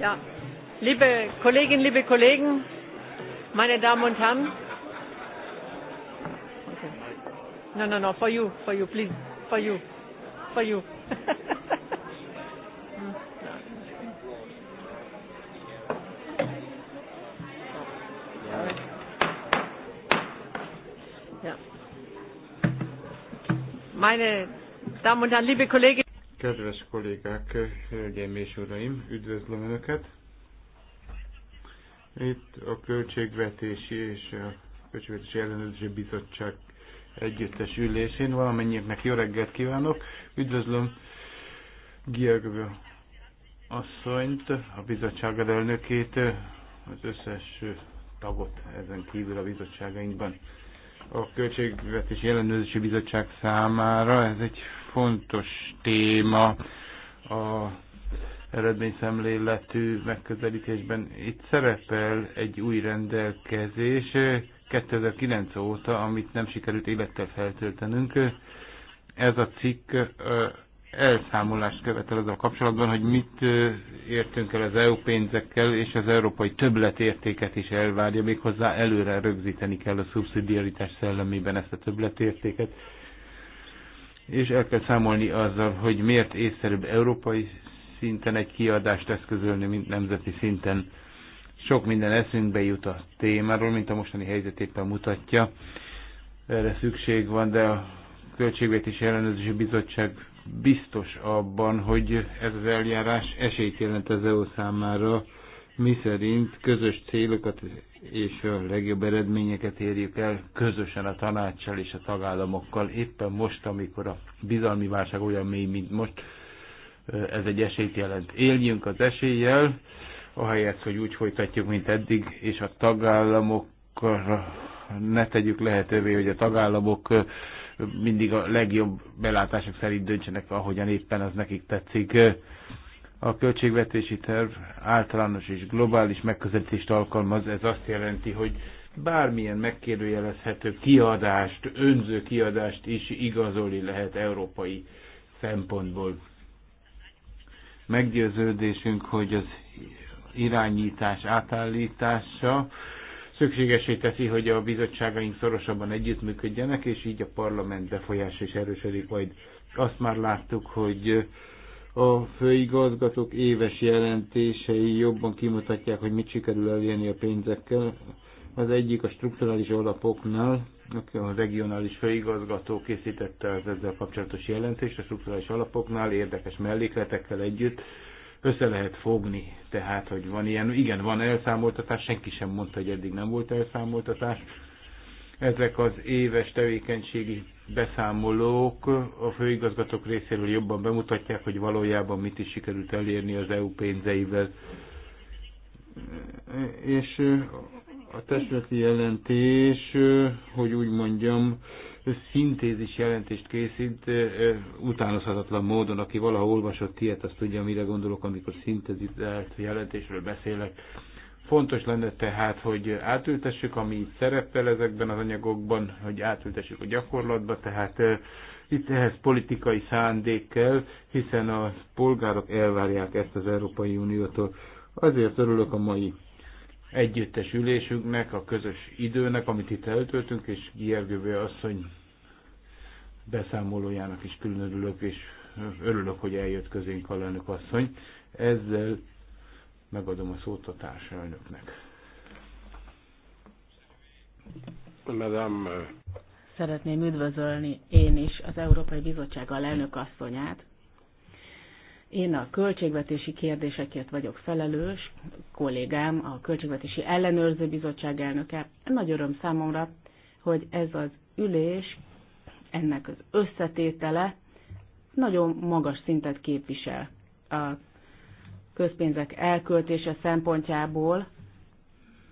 Ja. Liebe Kolleginnen, liebe Kollegen, meine Damen und Herren. Okay. No, no, no, for you, for you, please, for you, for you. Meine Damen und Herren, liebe Kolleginnen, Kedves kollégák, hölgyeim és uraim, üdvözlöm Önöket! Itt a Költségvetési és a Költségvetési Ellenőrző Bizottság együttes ülésén. Valamennyieknek jó reggelt kívánok! Üdvözlöm Giergő asszonyt, a bizottság elnökét, az összes tagot ezen kívül a bizottságainkban a Költségvetési Ellenőrzési Bizottság számára. Ez egy fontos téma a eredményszemléletű megközelítésben. Itt szerepel egy új rendelkezés 2009 óta, amit nem sikerült élettel feltöltenünk. Ez a cikk elszámolást követel azzal kapcsolatban, hogy mit értünk el az EU pénzekkel, és az európai többletértéket is elvárja, méghozzá előre rögzíteni kell a szubszidiaritás szellemében ezt a többletértéket, és el kell számolni azzal, hogy miért észszerűbb európai szinten egy kiadást eszközölni, mint nemzeti szinten. Sok minden eszünkbe jut a témáról, mint a mostani helyzet éppen mutatja. Erre szükség van, de a Költségvetési Ellenőrzési Bizottság biztos abban, hogy ez az eljárás esélyt jelent az EU számára, mi szerint közös célokat és a legjobb eredményeket érjük el közösen a tanácssal és a tagállamokkal. Éppen most, amikor a bizalmi válság olyan mély, mint most, ez egy esélyt jelent. Éljünk az eséllyel, ahelyett, hogy úgy folytatjuk, mint eddig, és a tagállamokra ne tegyük lehetővé, hogy a tagállamok mindig a legjobb belátások szerint döntsenek, ahogyan éppen az nekik tetszik. A költségvetési terv általános és globális megközelítést alkalmaz, ez azt jelenti, hogy bármilyen megkérdőjelezhető kiadást, önző kiadást is igazolni lehet európai szempontból. Meggyőződésünk, hogy az irányítás átállítása szükségesé teszi, hogy a bizottságaink szorosabban együttműködjenek, és így a parlament befolyás is erősödik majd. Azt már láttuk, hogy a főigazgatók éves jelentései jobban kimutatják, hogy mit sikerül elérni a pénzekkel. Az egyik a strukturális alapoknál, a regionális főigazgató készítette az ezzel kapcsolatos jelentést a strukturális alapoknál, érdekes mellékletekkel együtt, össze lehet fogni, tehát, hogy van ilyen, igen, van elszámoltatás, senki sem mondta, hogy eddig nem volt elszámoltatás. Ezek az éves tevékenységi beszámolók a főigazgatók részéről jobban bemutatják, hogy valójában mit is sikerült elérni az EU pénzeivel. És a testületi jelentés, hogy úgy mondjam, szintézis jelentést készít utánozhatatlan módon. Aki valaha olvasott ilyet, azt tudja, mire gondolok, amikor szintezizált jelentésről beszélek. Fontos lenne tehát, hogy átültessük, ami szerepel ezekben az anyagokban, hogy átültessük a gyakorlatba, tehát itt ehhez politikai szándék kell, hiszen a polgárok elvárják ezt az Európai Uniótól. Azért örülök a mai együttes ülésünknek, a közös időnek, amit itt eltöltünk, és Gergővé asszony beszámolójának is külön örülök, és örülök, hogy eljött közénk a alelnök asszony. Ezzel megadom a szót a társelnöknek. Madame. Szeretném üdvözölni én is az Európai Bizottság a alelnök asszonyát, én a költségvetési kérdésekért vagyok felelős, kollégám, a Költségvetési Ellenőrző Bizottság elnöke. Nagy öröm számomra, hogy ez az ülés, ennek az összetétele nagyon magas szintet képvisel a közpénzek elköltése szempontjából,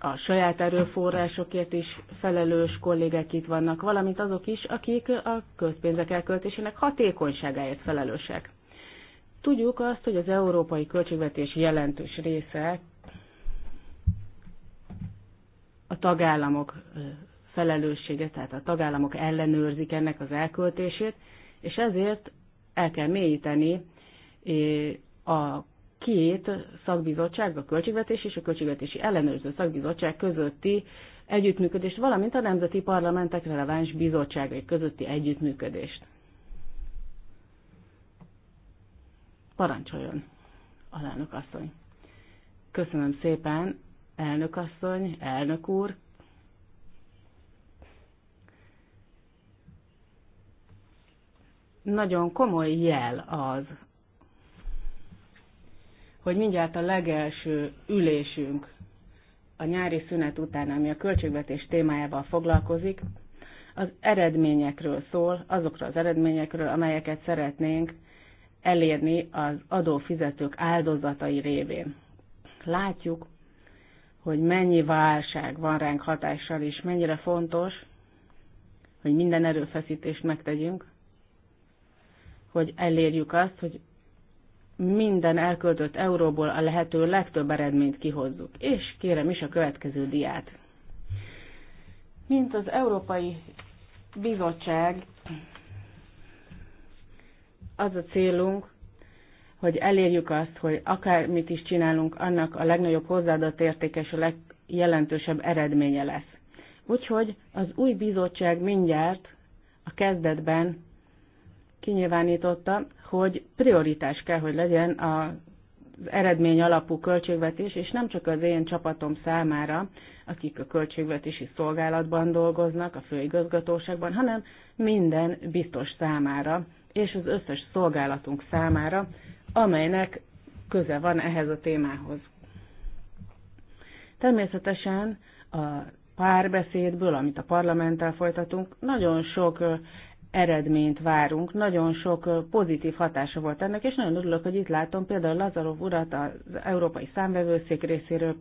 a saját erőforrásokért is felelős kollégek itt vannak, valamint azok is, akik a közpénzek elköltésének hatékonyságáért felelősek. Tudjuk azt, hogy az európai költségvetés jelentős része a tagállamok felelőssége, tehát a tagállamok ellenőrzik ennek az elköltését, és ezért el kell mélyíteni a két szakbizottság, a költségvetés és a költségvetési ellenőrző szakbizottság közötti együttműködést, valamint a nemzeti parlamentek releváns bizottságai közötti együttműködést. Parancsoljon, alelnök asszony. Köszönöm szépen, elnök asszony, elnök úr. Nagyon komoly jel az, hogy mindjárt a legelső ülésünk a nyári szünet után, ami a költségvetés témájával foglalkozik, az eredményekről szól, azokról az eredményekről, amelyeket szeretnénk elérni az adófizetők áldozatai révén. Látjuk, hogy mennyi válság van ránk hatással, és mennyire fontos, hogy minden erőfeszítést megtegyünk, hogy elérjük azt, hogy minden elköltött euróból a lehető legtöbb eredményt kihozzuk. És kérem is a következő diát. Mint az Európai Bizottság az a célunk, hogy elérjük azt, hogy akármit is csinálunk, annak a legnagyobb hozzáadott értéke és a legjelentősebb eredménye lesz. Úgyhogy az új bizottság mindjárt a kezdetben kinyilvánította, hogy prioritás kell, hogy legyen az eredmény alapú költségvetés, és nem csak az én csapatom számára, akik a költségvetési szolgálatban dolgoznak, a főigazgatóságban, hanem minden biztos számára, és az összes szolgálatunk számára, amelynek köze van ehhez a témához. Természetesen a párbeszédből, amit a parlamenttel folytatunk, nagyon sok eredményt várunk, nagyon sok pozitív hatása volt ennek, és nagyon örülök, hogy itt látom például Lazarov urat az Európai Számvevőszék részéről,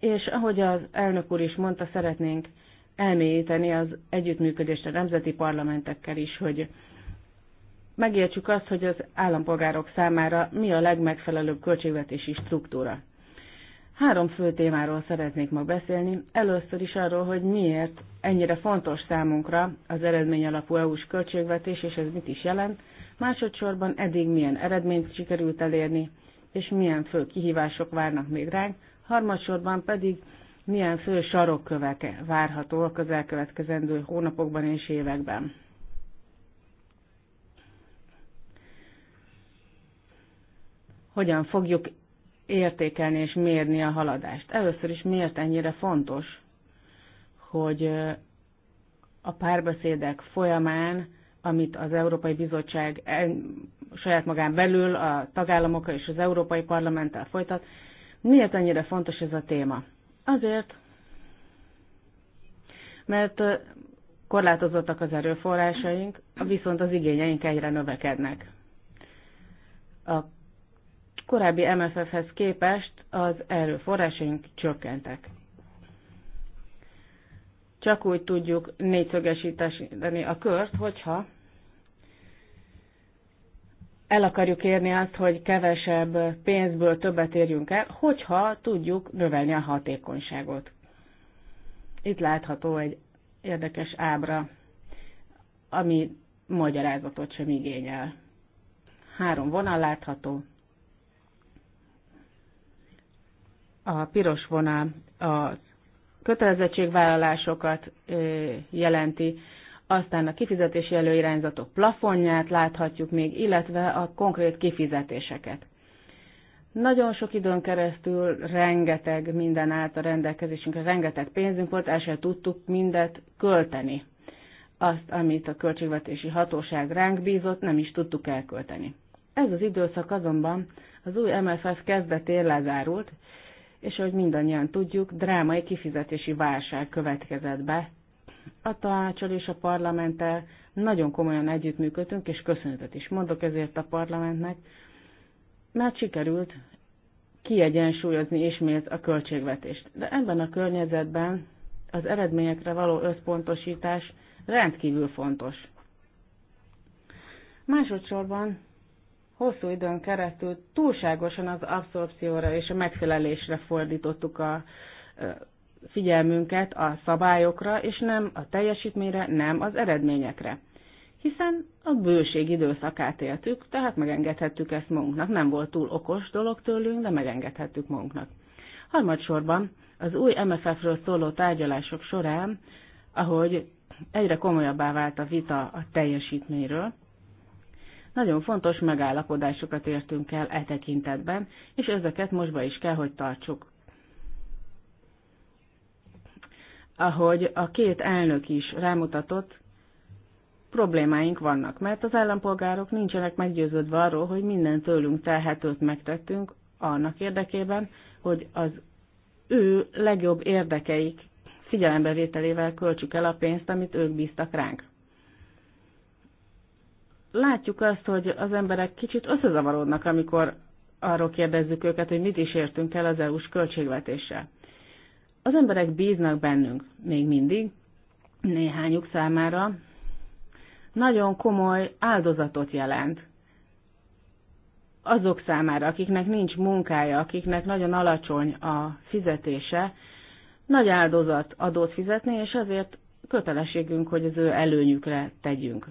és ahogy az elnök úr is mondta, szeretnénk elmélyíteni az együttműködést a nemzeti parlamentekkel is, hogy megértsük azt, hogy az állampolgárok számára mi a legmegfelelőbb költségvetési struktúra. Három fő témáról szeretnék ma beszélni. Először is arról, hogy miért ennyire fontos számunkra az eredmény alapú EU-s költségvetés, és ez mit is jelent. Másodszorban eddig milyen eredményt sikerült elérni, és milyen fő kihívások várnak még ránk. Harmadsorban pedig milyen fő sarokkövek várhatóak az elkövetkezendő hónapokban és években. hogyan fogjuk értékelni és mérni a haladást. Először is miért ennyire fontos, hogy a párbeszédek folyamán, amit az Európai Bizottság saját magán belül a tagállamokkal és az Európai Parlamenttel folytat, miért ennyire fontos ez a téma? Azért, mert korlátozottak az erőforrásaink, viszont az igényeink egyre növekednek. A korábbi MFF-hez képest az erőforrásaink csökkentek. Csak úgy tudjuk négyszögesíteni a kört, hogyha el akarjuk érni azt, hogy kevesebb pénzből többet érjünk el, hogyha tudjuk növelni a hatékonyságot. Itt látható egy érdekes ábra, ami magyarázatot sem igényel. Három vonal látható, a piros vonal a kötelezettségvállalásokat jelenti, aztán a kifizetési előirányzatok plafonját láthatjuk még, illetve a konkrét kifizetéseket. Nagyon sok időn keresztül rengeteg minden állt a rendelkezésünkre, rengeteg pénzünk volt, el sem tudtuk mindet költeni. Azt, amit a költségvetési hatóság ránk bízott, nem is tudtuk elkölteni. Ez az időszak azonban az új MFF kezdetén lezárult, és ahogy mindannyian tudjuk, drámai kifizetési válság következett be. A tanácsal és a parlamenttel nagyon komolyan együttműködtünk, és köszönetet is mondok ezért a parlamentnek, mert sikerült kiegyensúlyozni ismét a költségvetést. De ebben a környezetben az eredményekre való összpontosítás rendkívül fontos. Másodszorban hosszú időn keresztül túlságosan az abszorpcióra és a megfelelésre fordítottuk a figyelmünket a szabályokra, és nem a teljesítményre, nem az eredményekre. Hiszen a bőség időszakát éltük, tehát megengedhettük ezt magunknak. Nem volt túl okos dolog tőlünk, de megengedhettük magunknak. Harmadsorban az új MFF-ről szóló tárgyalások során, ahogy egyre komolyabbá vált a vita a teljesítményről, nagyon fontos megállapodásokat értünk el e tekintetben, és ezeket most be is kell, hogy tartsuk. Ahogy a két elnök is rámutatott, problémáink vannak, mert az állampolgárok nincsenek meggyőződve arról, hogy minden tőlünk telhetőt megtettünk annak érdekében, hogy az ő legjobb érdekeik figyelembevételével költsük el a pénzt, amit ők bíztak ránk látjuk azt, hogy az emberek kicsit összezavarodnak, amikor arról kérdezzük őket, hogy mit is értünk el az EU-s költségvetéssel. Az emberek bíznak bennünk még mindig, néhányuk számára. Nagyon komoly áldozatot jelent azok számára, akiknek nincs munkája, akiknek nagyon alacsony a fizetése, nagy áldozat adót fizetni, és ezért kötelességünk, hogy az ő előnyükre tegyünk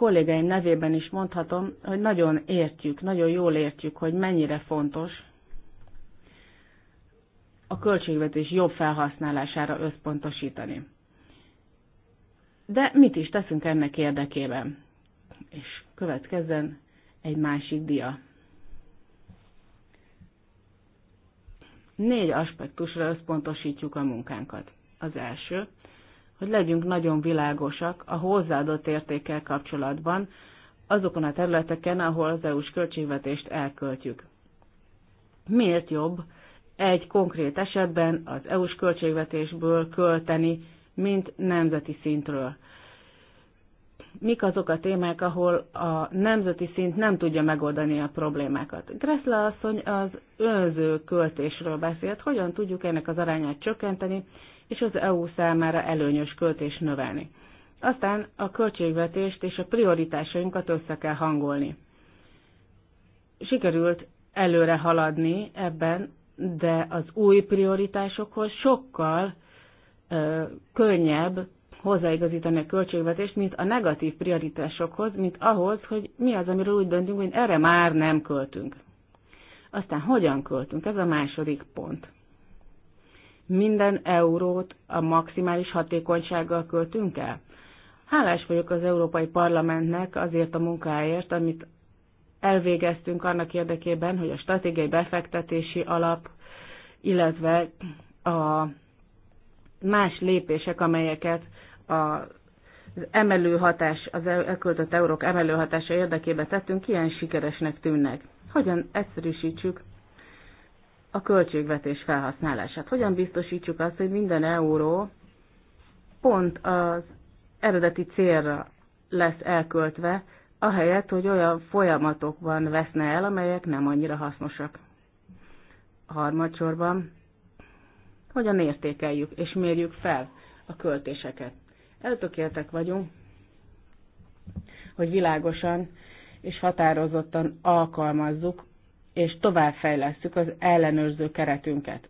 kollégáim nevében is mondhatom, hogy nagyon értjük, nagyon jól értjük, hogy mennyire fontos a költségvetés jobb felhasználására összpontosítani. De mit is teszünk ennek érdekében? És következzen egy másik dia. Négy aspektusra összpontosítjuk a munkánkat. Az első, hogy legyünk nagyon világosak a hozzáadott értékkel kapcsolatban azokon a területeken, ahol az EU-s költségvetést elköltjük. Miért jobb egy konkrét esetben az EU-s költségvetésből költeni, mint nemzeti szintről? mik azok a témák, ahol a nemzeti szint nem tudja megoldani a problémákat. Gressle asszony az önző költésről beszélt, hogyan tudjuk ennek az arányát csökkenteni, és az EU számára előnyös költés növelni. Aztán a költségvetést és a prioritásainkat össze kell hangolni. Sikerült előre haladni ebben, de az új prioritásokhoz sokkal ö, könnyebb hozzáigazítani a költségvetést, mint a negatív prioritásokhoz, mint ahhoz, hogy mi az, amiről úgy döntünk, hogy erre már nem költünk. Aztán hogyan költünk? Ez a második pont minden eurót a maximális hatékonysággal költünk el? Hálás vagyok az Európai Parlamentnek azért a munkáért, amit elvégeztünk annak érdekében, hogy a stratégiai befektetési alap, illetve a más lépések, amelyeket a az emelő hatás, az elköltött eurók emelő hatása érdekében tettünk, ilyen sikeresnek tűnnek. Hogyan egyszerűsítsük a költségvetés felhasználását. Hogyan biztosítjuk azt, hogy minden euró pont az eredeti célra lesz elköltve, ahelyett, hogy olyan folyamatokban veszne el, amelyek nem annyira hasznosak. Harmadsorban, hogyan értékeljük és mérjük fel a költéseket. Eltökéltek vagyunk, hogy világosan és határozottan alkalmazzuk és továbbfejlesztjük az ellenőrző keretünket.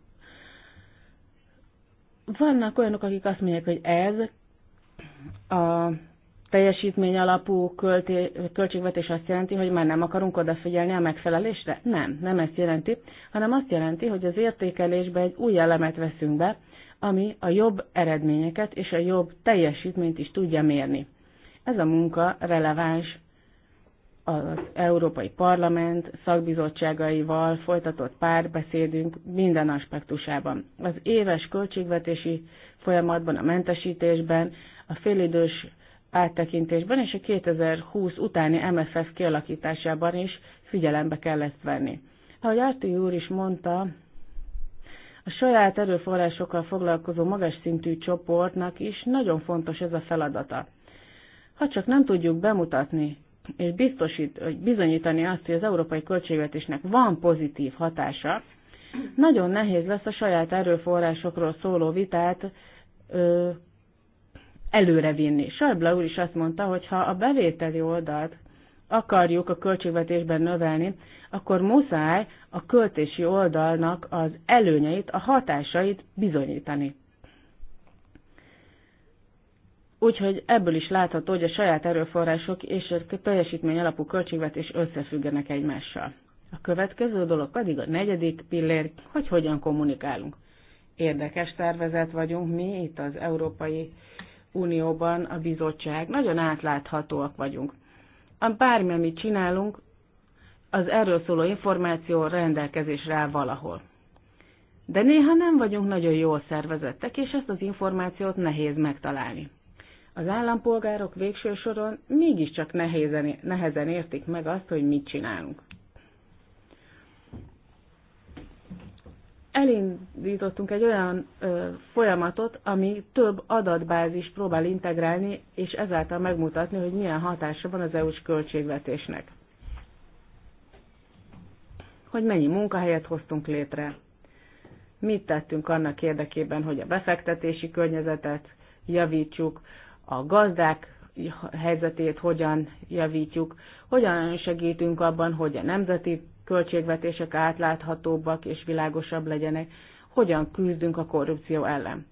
Vannak olyanok, akik azt mondják, hogy ez a teljesítmény alapú költségvetés azt jelenti, hogy már nem akarunk odafigyelni a megfelelésre? Nem, nem ezt jelenti, hanem azt jelenti, hogy az értékelésbe egy új elemet veszünk be, ami a jobb eredményeket és a jobb teljesítményt is tudja mérni. Ez a munka releváns az Európai Parlament szakbizottságaival folytatott párbeszédünk minden aspektusában. Az éves költségvetési folyamatban, a mentesítésben, a félidős áttekintésben és a 2020 utáni MFF kialakításában is figyelembe kell ezt venni. Ahogy Arti úr is mondta, a saját erőforrásokkal foglalkozó magas szintű csoportnak is nagyon fontos ez a feladata. Ha csak nem tudjuk bemutatni és biztosít, hogy bizonyítani azt, hogy az európai költségvetésnek van pozitív hatása, nagyon nehéz lesz a saját erőforrásokról szóló vitát ö, előrevinni. Sajbla úr is azt mondta, hogy ha a bevételi oldalt akarjuk a költségvetésben növelni, akkor muszáj a költési oldalnak az előnyeit, a hatásait bizonyítani. Úgyhogy ebből is látható, hogy a saját erőforrások és a teljesítmény alapú költségvetés összefüggenek egymással. A következő dolog pedig a negyedik pillér, hogy hogyan kommunikálunk. Érdekes tervezet vagyunk mi itt az Európai Unióban, a bizottság, nagyon átláthatóak vagyunk. A bármi, amit csinálunk, az erről szóló információ rendelkezésre áll valahol. De néha nem vagyunk nagyon jól szervezettek, és ezt az információt nehéz megtalálni az állampolgárok végső soron mégiscsak nehézen, nehezen értik meg azt, hogy mit csinálunk. Elindítottunk egy olyan ö, folyamatot, ami több adatbázis próbál integrálni, és ezáltal megmutatni, hogy milyen hatása van az EU-s költségvetésnek. Hogy mennyi munkahelyet hoztunk létre, mit tettünk annak érdekében, hogy a befektetési környezetet javítsuk, a gazdák helyzetét hogyan javítjuk, hogyan segítünk abban, hogy a nemzeti költségvetések átláthatóbbak és világosabb legyenek, hogyan küzdünk a korrupció ellen.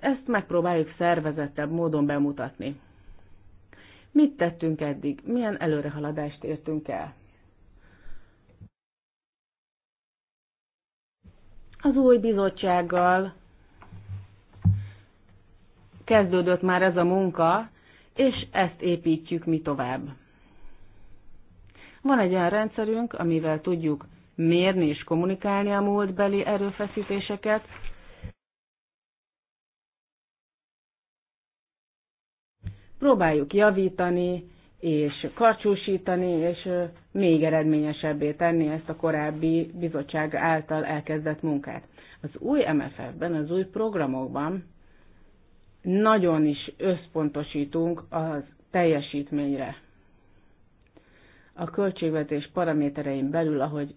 Ezt megpróbáljuk szervezettebb módon bemutatni. Mit tettünk eddig? Milyen előrehaladást értünk el? Az új bizottsággal kezdődött már ez a munka, és ezt építjük mi tovább. Van egy olyan rendszerünk, amivel tudjuk mérni és kommunikálni a múltbeli erőfeszítéseket, próbáljuk javítani, és karcsúsítani, és még eredményesebbé tenni ezt a korábbi bizottság által elkezdett munkát. Az új MFF-ben, az új programokban nagyon is összpontosítunk az teljesítményre. A költségvetés paraméterein belül, ahogy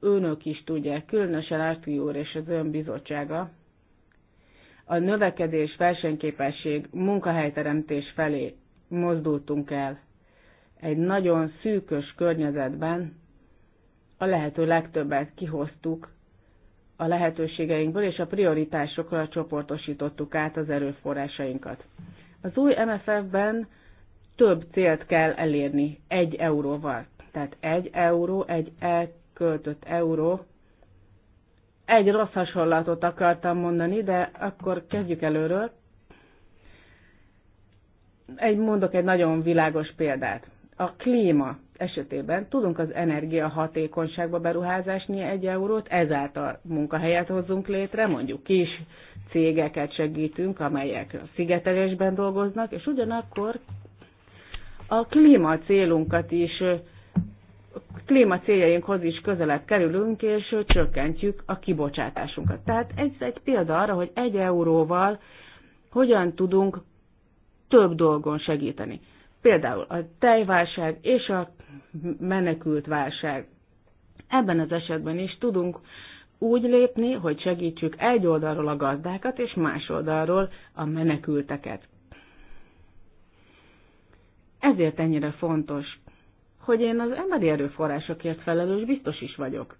önök is tudják, különösen Ártúj úr és az ön bizottsága, a növekedés, versenyképesség, munkahelyteremtés felé mozdultunk el. Egy nagyon szűkös környezetben a lehető legtöbbet kihoztuk a lehetőségeinkből és a prioritásokra csoportosítottuk át az erőforrásainkat. Az új MFF-ben több célt kell elérni egy euróval. Tehát egy euró, egy elköltött euró. Egy rossz hasonlatot akartam mondani, de akkor kezdjük előről. Egy, mondok egy nagyon világos példát. A klíma esetében tudunk az energia hatékonyságba beruházásni egy eurót, ezáltal munkahelyet hozzunk létre, mondjuk kis cégeket segítünk, amelyek a szigetelésben dolgoznak, és ugyanakkor a klíma célunkat is, a klíma céljainkhoz is közelebb kerülünk, és csökkentjük a kibocsátásunkat. Tehát ez egy példa arra, hogy egy euróval hogyan tudunk több dolgon segíteni. Például a tejválság és a menekült válság. Ebben az esetben is tudunk úgy lépni, hogy segítsük egy oldalról a gazdákat, és más oldalról a menekülteket. Ezért ennyire fontos, hogy én az emberi erőforrásokért felelős biztos is vagyok.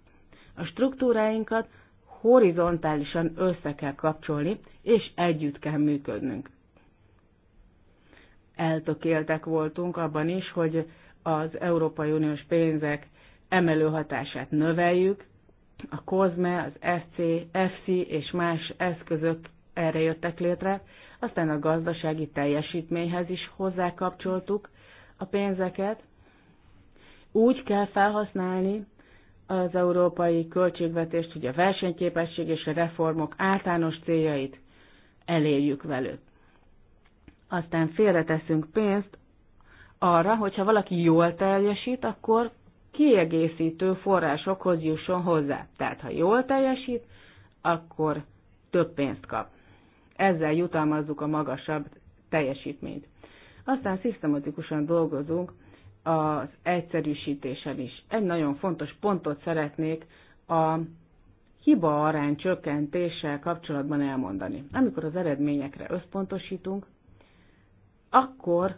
A struktúráinkat horizontálisan össze kell kapcsolni, és együtt kell működnünk eltökéltek voltunk abban is, hogy az Európai Uniós pénzek emelő hatását növeljük, a COSME, az SC, FC és más eszközök erre jöttek létre, aztán a gazdasági teljesítményhez is hozzákapcsoltuk a pénzeket. Úgy kell felhasználni az európai költségvetést, hogy a versenyképesség és a reformok általános céljait elérjük velük aztán félreteszünk pénzt arra, hogyha valaki jól teljesít, akkor kiegészítő forrásokhoz jusson hozzá. Tehát, ha jól teljesít, akkor több pénzt kap. Ezzel jutalmazzuk a magasabb teljesítményt. Aztán szisztematikusan dolgozunk az egyszerűsítésen is. Egy nagyon fontos pontot szeretnék a hiba arány csökkentéssel kapcsolatban elmondani. Amikor az eredményekre összpontosítunk, akkor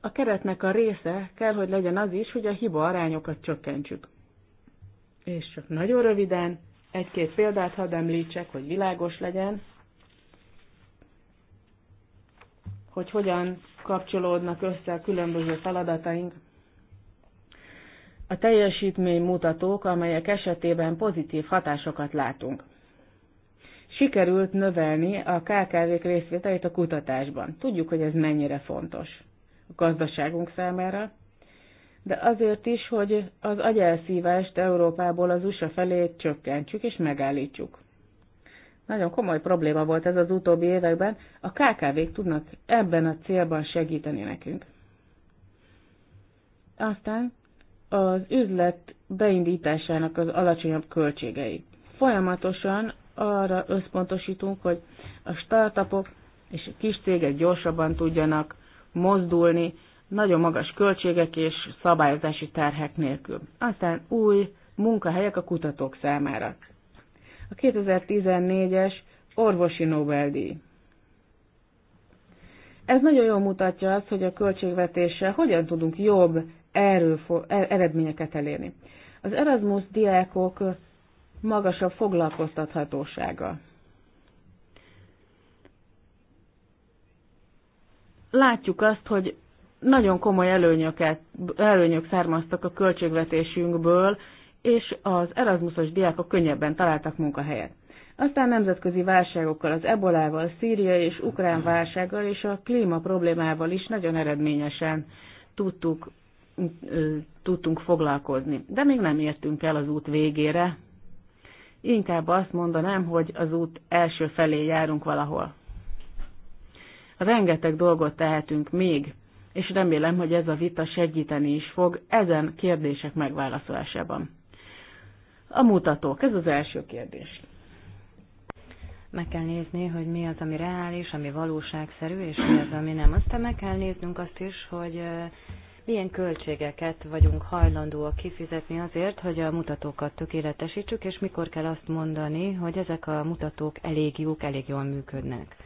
a keretnek a része kell, hogy legyen az is, hogy a hiba arányokat csökkentsük. És csak nagyon röviden egy-két példát hadd említsek, hogy világos legyen, hogy hogyan kapcsolódnak össze a különböző feladataink. A teljesítménymutatók, amelyek esetében pozitív hatásokat látunk sikerült növelni a KKV-k részvételét a kutatásban. Tudjuk, hogy ez mennyire fontos a gazdaságunk számára, de azért is, hogy az agyelszívást Európából az USA felé csökkentsük és megállítsuk. Nagyon komoly probléma volt ez az utóbbi években, a KKV-k tudnak ebben a célban segíteni nekünk. Aztán az üzlet beindításának az alacsonyabb költségei. Folyamatosan arra összpontosítunk, hogy a startupok és a kis cégek gyorsabban tudjanak mozdulni, nagyon magas költségek és szabályozási terhek nélkül. Aztán új munkahelyek a kutatók számára. A 2014-es orvosi Nobel-díj. Ez nagyon jól mutatja azt, hogy a költségvetéssel hogyan tudunk jobb erőfo- e- eredményeket elérni. Az Erasmus diákok magasabb foglalkoztathatósága. Látjuk azt, hogy nagyon komoly előnyöket, előnyök származtak a költségvetésünkből, és az Erasmusos diákok könnyebben találtak munkahelyet. Aztán nemzetközi válságokkal, az ebolával, Szíria és Ukrán válsággal és a klíma problémával is nagyon eredményesen tudtuk, tudtunk foglalkozni. De még nem értünk el az út végére, Inkább azt mondanám, hogy az út első felé járunk valahol. Rengeteg dolgot tehetünk még, és remélem, hogy ez a vita segíteni is fog ezen kérdések megválaszolásában. A mutatók, ez az első kérdés. Meg kell nézni, hogy mi az, ami reális, ami valóságszerű, és mi az, ami nem. Aztán meg kell néznünk azt is, hogy milyen költségeket vagyunk hajlandóak kifizetni azért, hogy a mutatókat tökéletesítsük, és mikor kell azt mondani, hogy ezek a mutatók elég jók, elég jól működnek.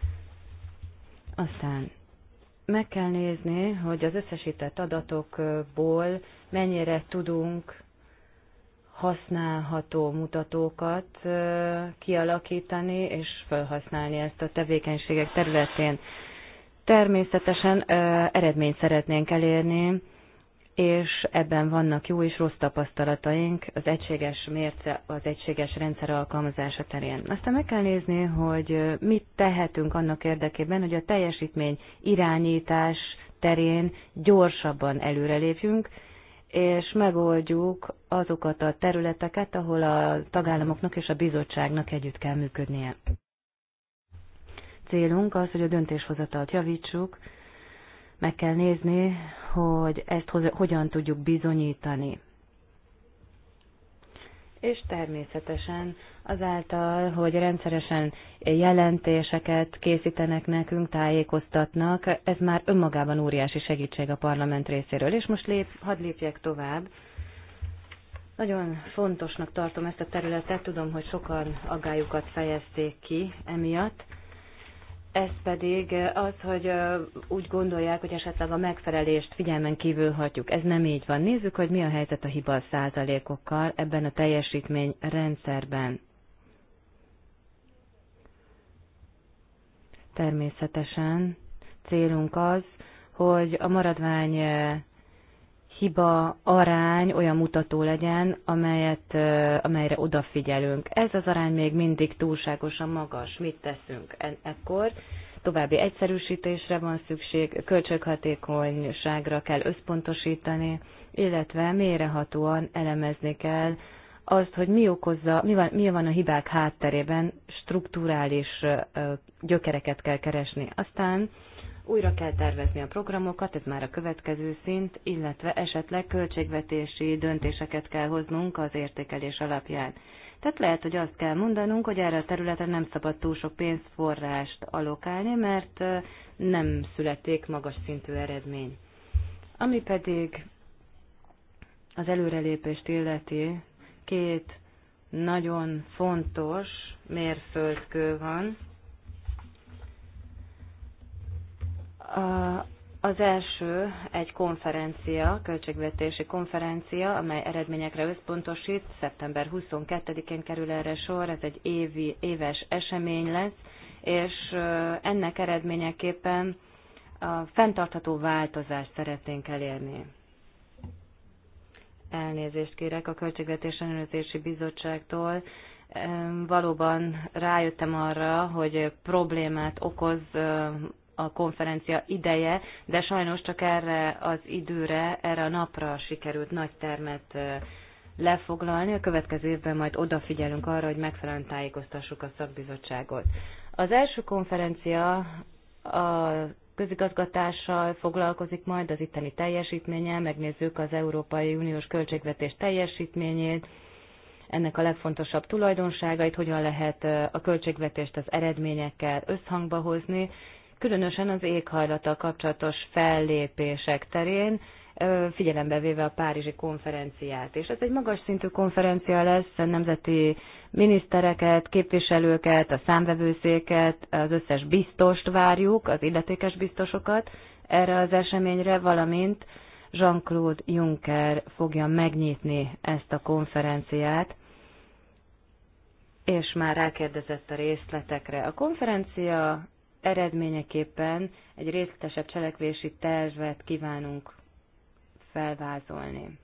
Aztán meg kell nézni, hogy az összesített adatokból mennyire tudunk használható mutatókat kialakítani és felhasználni ezt a tevékenységek területén. Természetesen eredményt szeretnénk elérni, és ebben vannak jó és rossz tapasztalataink az egységes mérce, az egységes rendszer alkalmazása terén. Aztán meg kell nézni, hogy mit tehetünk annak érdekében, hogy a teljesítmény irányítás terén gyorsabban előrelépjünk, és megoldjuk azokat a területeket, ahol a tagállamoknak és a bizottságnak együtt kell működnie. Célunk az, hogy a döntéshozatalt javítsuk, meg kell nézni, hogy ezt hogyan tudjuk bizonyítani. És természetesen azáltal, hogy rendszeresen jelentéseket készítenek nekünk, tájékoztatnak, ez már önmagában óriási segítség a parlament részéről. És most lép, hadd lépjek tovább. Nagyon fontosnak tartom ezt a területet, tudom, hogy sokan aggályukat fejezték ki emiatt ez pedig az, hogy úgy gondolják, hogy esetleg a megfelelést figyelmen kívül hagyjuk. Ez nem így van. Nézzük, hogy mi a helyzet a hiba százalékokkal ebben a teljesítmény rendszerben. Természetesen célunk az, hogy a maradvány hiba arány olyan mutató legyen, amelyet, amelyre odafigyelünk. Ez az arány még mindig túlságosan magas. Mit teszünk e ekkor? További egyszerűsítésre van szükség, költséghatékonyságra kell összpontosítani, illetve mérehatóan elemezni kell azt, hogy mi okozza, mi van, mi van a hibák hátterében, strukturális gyökereket kell keresni. Aztán újra kell tervezni a programokat, ez már a következő szint, illetve esetleg költségvetési döntéseket kell hoznunk az értékelés alapján. Tehát lehet, hogy azt kell mondanunk, hogy erre a területre nem szabad túl sok pénzforrást alokálni, mert nem születik magas szintű eredmény. Ami pedig az előrelépést illeti, két nagyon fontos mérföldkő van, Az első egy konferencia, költségvetési konferencia, amely eredményekre összpontosít. Szeptember 22-én kerül erre sor, ez egy évi, éves esemény lesz, és ennek eredményeképpen a fenntartható változást szeretnénk elérni. Elnézést kérek a Költségvetés Ellenőrzési Bizottságtól. Valóban rájöttem arra, hogy problémát okoz a konferencia ideje, de sajnos csak erre az időre, erre a napra sikerült nagy termet lefoglalni. A következő évben majd odafigyelünk arra, hogy megfelelően tájékoztassuk a szakbizottságot. Az első konferencia a közigazgatással foglalkozik majd az itteni teljesítménye, megnézzük az Európai Uniós költségvetés teljesítményét, ennek a legfontosabb tulajdonságait, hogyan lehet a költségvetést az eredményekkel összhangba hozni, különösen az éghajlata kapcsolatos fellépések terén, figyelembe véve a Párizsi konferenciát. És ez egy magas szintű konferencia lesz, nemzeti minisztereket, képviselőket, a számvevőszéket, az összes biztost várjuk, az illetékes biztosokat erre az eseményre, valamint Jean-Claude Juncker fogja megnyitni ezt a konferenciát, és már rákérdezett a részletekre. A konferencia eredményeképpen egy részletesebb cselekvési tervet kívánunk felvázolni.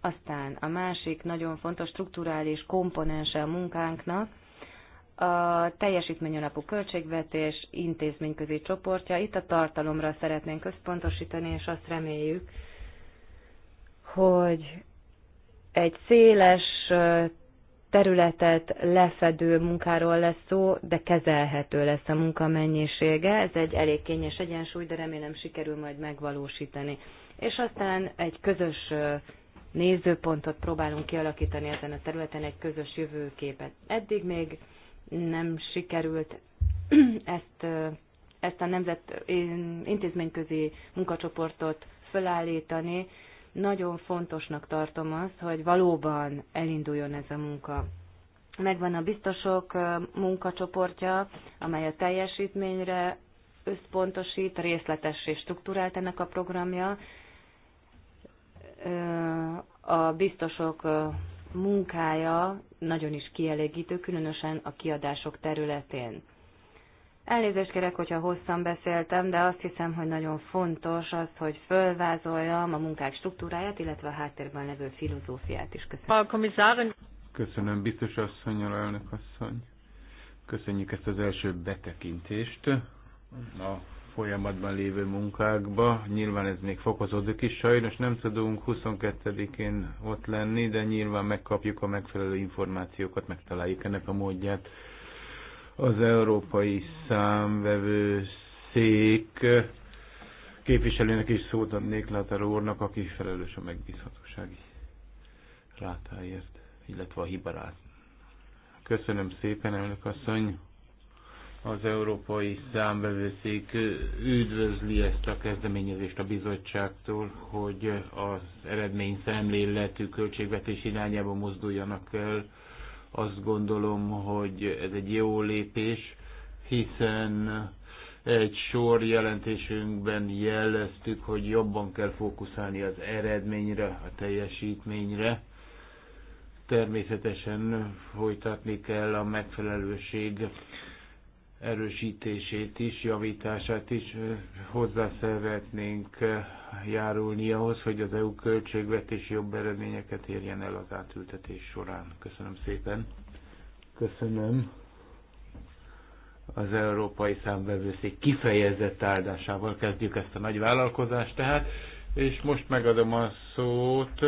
Aztán a másik nagyon fontos strukturális komponense a munkánknak, a alapú költségvetés intézményközi csoportja. Itt a tartalomra szeretnénk központosítani, és azt reméljük, hogy egy széles területet lefedő munkáról lesz szó, de kezelhető lesz a munka mennyisége. Ez egy elég kényes egyensúly, de remélem sikerül majd megvalósítani. És aztán egy közös nézőpontot próbálunk kialakítani ezen a területen, egy közös jövőképet. Eddig még nem sikerült ezt, ezt a nemzet intézményközi munkacsoportot fölállítani, nagyon fontosnak tartom azt, hogy valóban elinduljon ez a munka. Megvan a biztosok munkacsoportja, amely a teljesítményre összpontosít, részletes és struktúrált ennek a programja. A biztosok munkája nagyon is kielégítő, különösen a kiadások területén. Elnézést kérek, hogyha hosszan beszéltem, de azt hiszem, hogy nagyon fontos az, hogy fölvázoljam a munkák struktúráját, illetve a háttérben levő filozófiát is. Köszönöm. A Köszönöm, biztos asszony, elnök asszony. Köszönjük ezt az első betekintést a folyamatban lévő munkákba. Nyilván ez még fokozódik is, sajnos nem tudunk 22-én ott lenni, de nyilván megkapjuk a megfelelő információkat, megtaláljuk ennek a módját az Európai Számvevő Szék képviselőnek is szót adnék Látar úrnak, aki felelős a megbízhatósági rátáért, illetve a hibarát. Köszönöm szépen, elnök asszony! Az Európai Számbevőszék üdvözli ezt a kezdeményezést a bizottságtól, hogy az eredmény szemléletű költségvetés irányába mozduljanak el, azt gondolom, hogy ez egy jó lépés, hiszen egy sor jelentésünkben jeleztük, hogy jobban kell fókuszálni az eredményre, a teljesítményre. Természetesen folytatni kell a megfelelőség erősítését is, javítását is hozzá szeretnénk járulni ahhoz, hogy az EU költségvetés jobb eredményeket érjen el az átültetés során. Köszönöm szépen. Köszönöm. Az Európai Számbevőszék kifejezett áldásával kezdjük ezt a nagy vállalkozást tehát, és most megadom a szót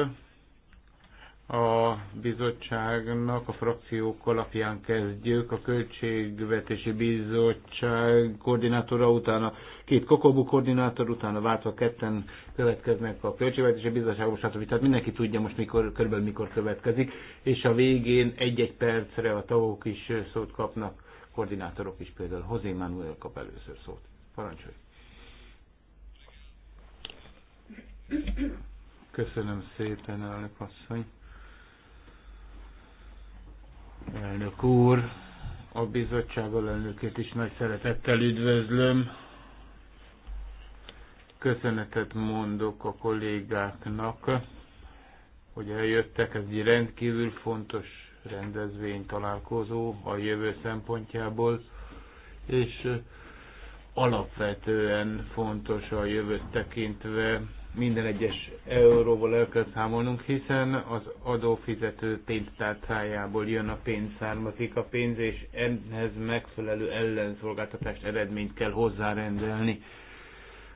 a bizottságnak a frakciók alapján kezdjük. A Költségvetési Bizottság koordinátora utána, két kokobú koordinátor utána váltva ketten következnek a Költségvetési Bizottságban, stb. Tehát mindenki tudja most mikor, körülbelül mikor következik, és a végén egy-egy percre a tagok is szót kapnak, koordinátorok is például. Hozé Manuel kap először szót. Parancsolj! Köszönöm szépen, elnök asszony Elnök úr, a bizottság elnökét is nagy szeretettel üdvözlöm. Köszönetet mondok a kollégáknak, hogy eljöttek, ez egy rendkívül fontos rendezvény találkozó a jövő szempontjából, és alapvetően fontos a jövőt tekintve minden egyes euróval el kell számolnunk, hiszen az adófizető pénztárcájából jön a pénz, származik a pénz, és ehhez megfelelő ellenszolgáltatást, eredményt kell hozzárendelni.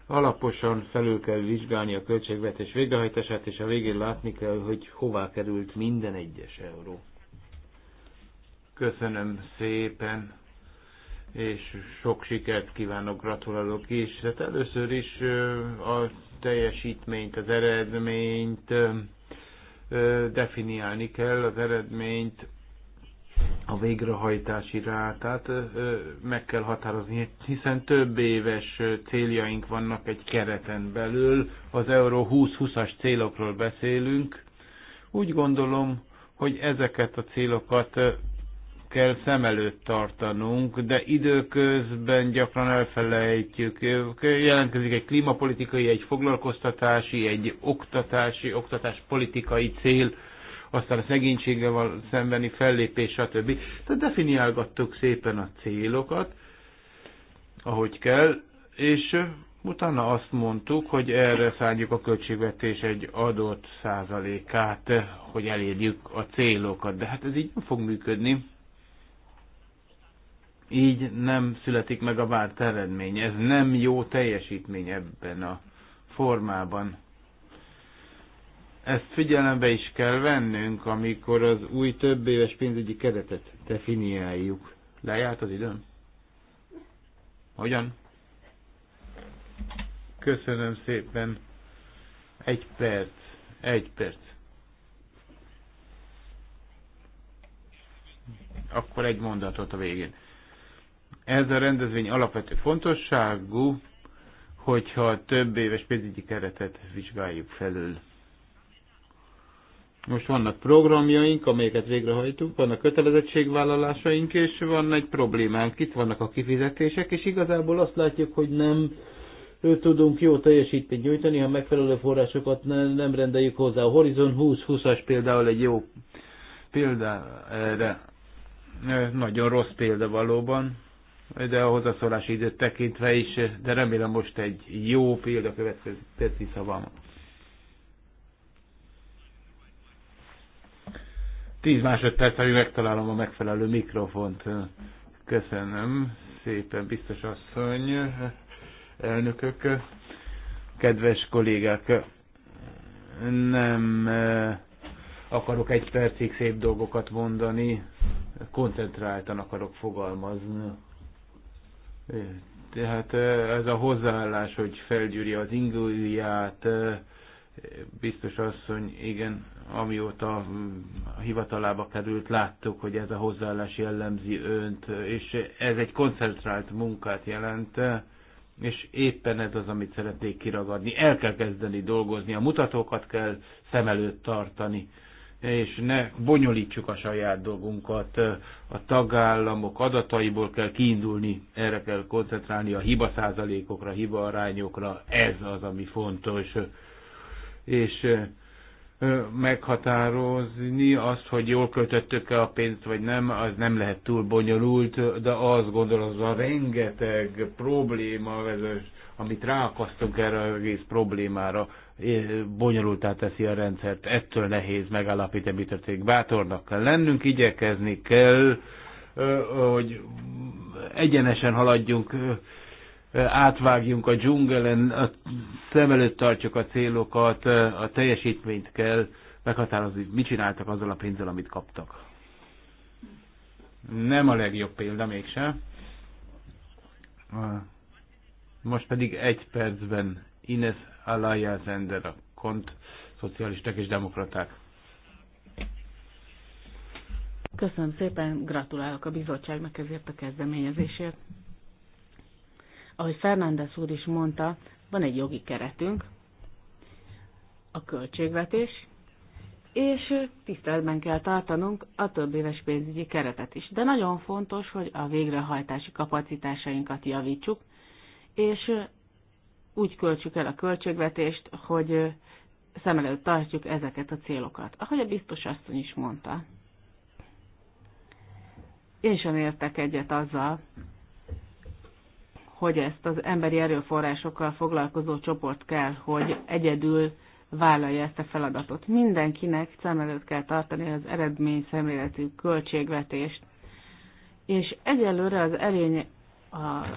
Alaposan felül kell vizsgálni a költségvetés végrehajtását, és a végén látni kell, hogy hová került minden egyes euró. Köszönöm szépen! és sok sikert kívánok, gratulálok is. Tehát először is a teljesítményt, az eredményt definiálni kell, az eredményt, a végrehajtási rátát meg kell határozni, hiszen több éves céljaink vannak egy kereten belül, az Euró 20-20-as célokról beszélünk. Úgy gondolom, hogy ezeket a célokat kell szem előtt tartanunk, de időközben gyakran elfelejtjük. Jelentkezik egy klímapolitikai, egy foglalkoztatási, egy oktatási, oktatáspolitikai cél, aztán a szegénységgel szembeni fellépés, stb. Tehát definiálgattuk szépen a célokat, ahogy kell, és utána azt mondtuk, hogy erre szálljuk a költségvetés egy adott százalékát, hogy elérjük a célokat. De hát ez így nem fog működni így nem születik meg a várt eredmény. Ez nem jó teljesítmény ebben a formában. Ezt figyelembe is kell vennünk, amikor az új több éves pénzügyi keretet definiáljuk. Lejárt az időm? Hogyan? Köszönöm szépen. Egy perc. Egy perc. Akkor egy mondatot a végén. Ez a rendezvény alapvető fontosságú, hogyha több éves pénzügyi keretet vizsgáljuk felül. Most vannak programjaink, amelyeket végrehajtunk, vannak kötelezettségvállalásaink, és van egy problémánk, itt vannak a kifizetések, és igazából azt látjuk, hogy nem tudunk jó teljesítményt nyújtani, ha megfelelő forrásokat ne, nem rendeljük hozzá. A Horizon 2020-as például egy jó példa erre. Nagyon rossz példa valóban de a hozzászólási időt tekintve is, de remélem most egy jó példa következteti szavam. Tíz másodperc, amíg megtalálom a megfelelő mikrofont. Köszönöm szépen, biztos asszony, elnökök, kedves kollégák. Nem eh, akarok egy percig szép dolgokat mondani, koncentráltan akarok fogalmazni tehát ez a hozzáállás, hogy felgyűri az ingóját, biztos asszony, igen, amióta a mm, hivatalába került, láttuk, hogy ez a hozzáállás jellemzi önt, és ez egy koncentrált munkát jelent, és éppen ez az, amit szeretnék kiragadni. El kell kezdeni dolgozni, a mutatókat kell szem előtt tartani, és ne bonyolítsuk a saját dolgunkat. A tagállamok adataiból kell kiindulni, erre kell koncentrálni a hiba százalékokra, hiba arányokra, ez az, ami fontos. És meghatározni azt, hogy jól költöttük-e a pénzt, vagy nem, az nem lehet túl bonyolult, de azt gondolom, az a rengeteg probléma vezet amit ráakasztunk erre az egész problémára, bonyolultá teszi a rendszert. Ettől nehéz megállapítani, mi történik. Bátornak kell lennünk, igyekezni kell, hogy egyenesen haladjunk, átvágjunk a dzsungelen, a szem előtt tartjuk a célokat, a teljesítményt kell meghatározni, mit csináltak azzal a pénzzel, amit kaptak. Nem a legjobb példa mégsem most pedig egy percben Ines Alaya Zender, a kont, szocialisták és demokraták. Köszönöm szépen, gratulálok a bizottságnak ezért a kezdeményezésért. Ahogy Fernández úr is mondta, van egy jogi keretünk, a költségvetés, és tiszteletben kell tartanunk a több éves pénzügyi keretet is. De nagyon fontos, hogy a végrehajtási kapacitásainkat javítsuk, és úgy költsük el a költségvetést, hogy szem előtt tartjuk ezeket a célokat, ahogy a biztos asszony is mondta. Én sem értek egyet azzal, hogy ezt az emberi erőforrásokkal foglalkozó csoport kell, hogy egyedül vállalja ezt a feladatot. Mindenkinek szem előtt kell tartani az eredmény szemléletű költségvetést, és egyelőre az erény,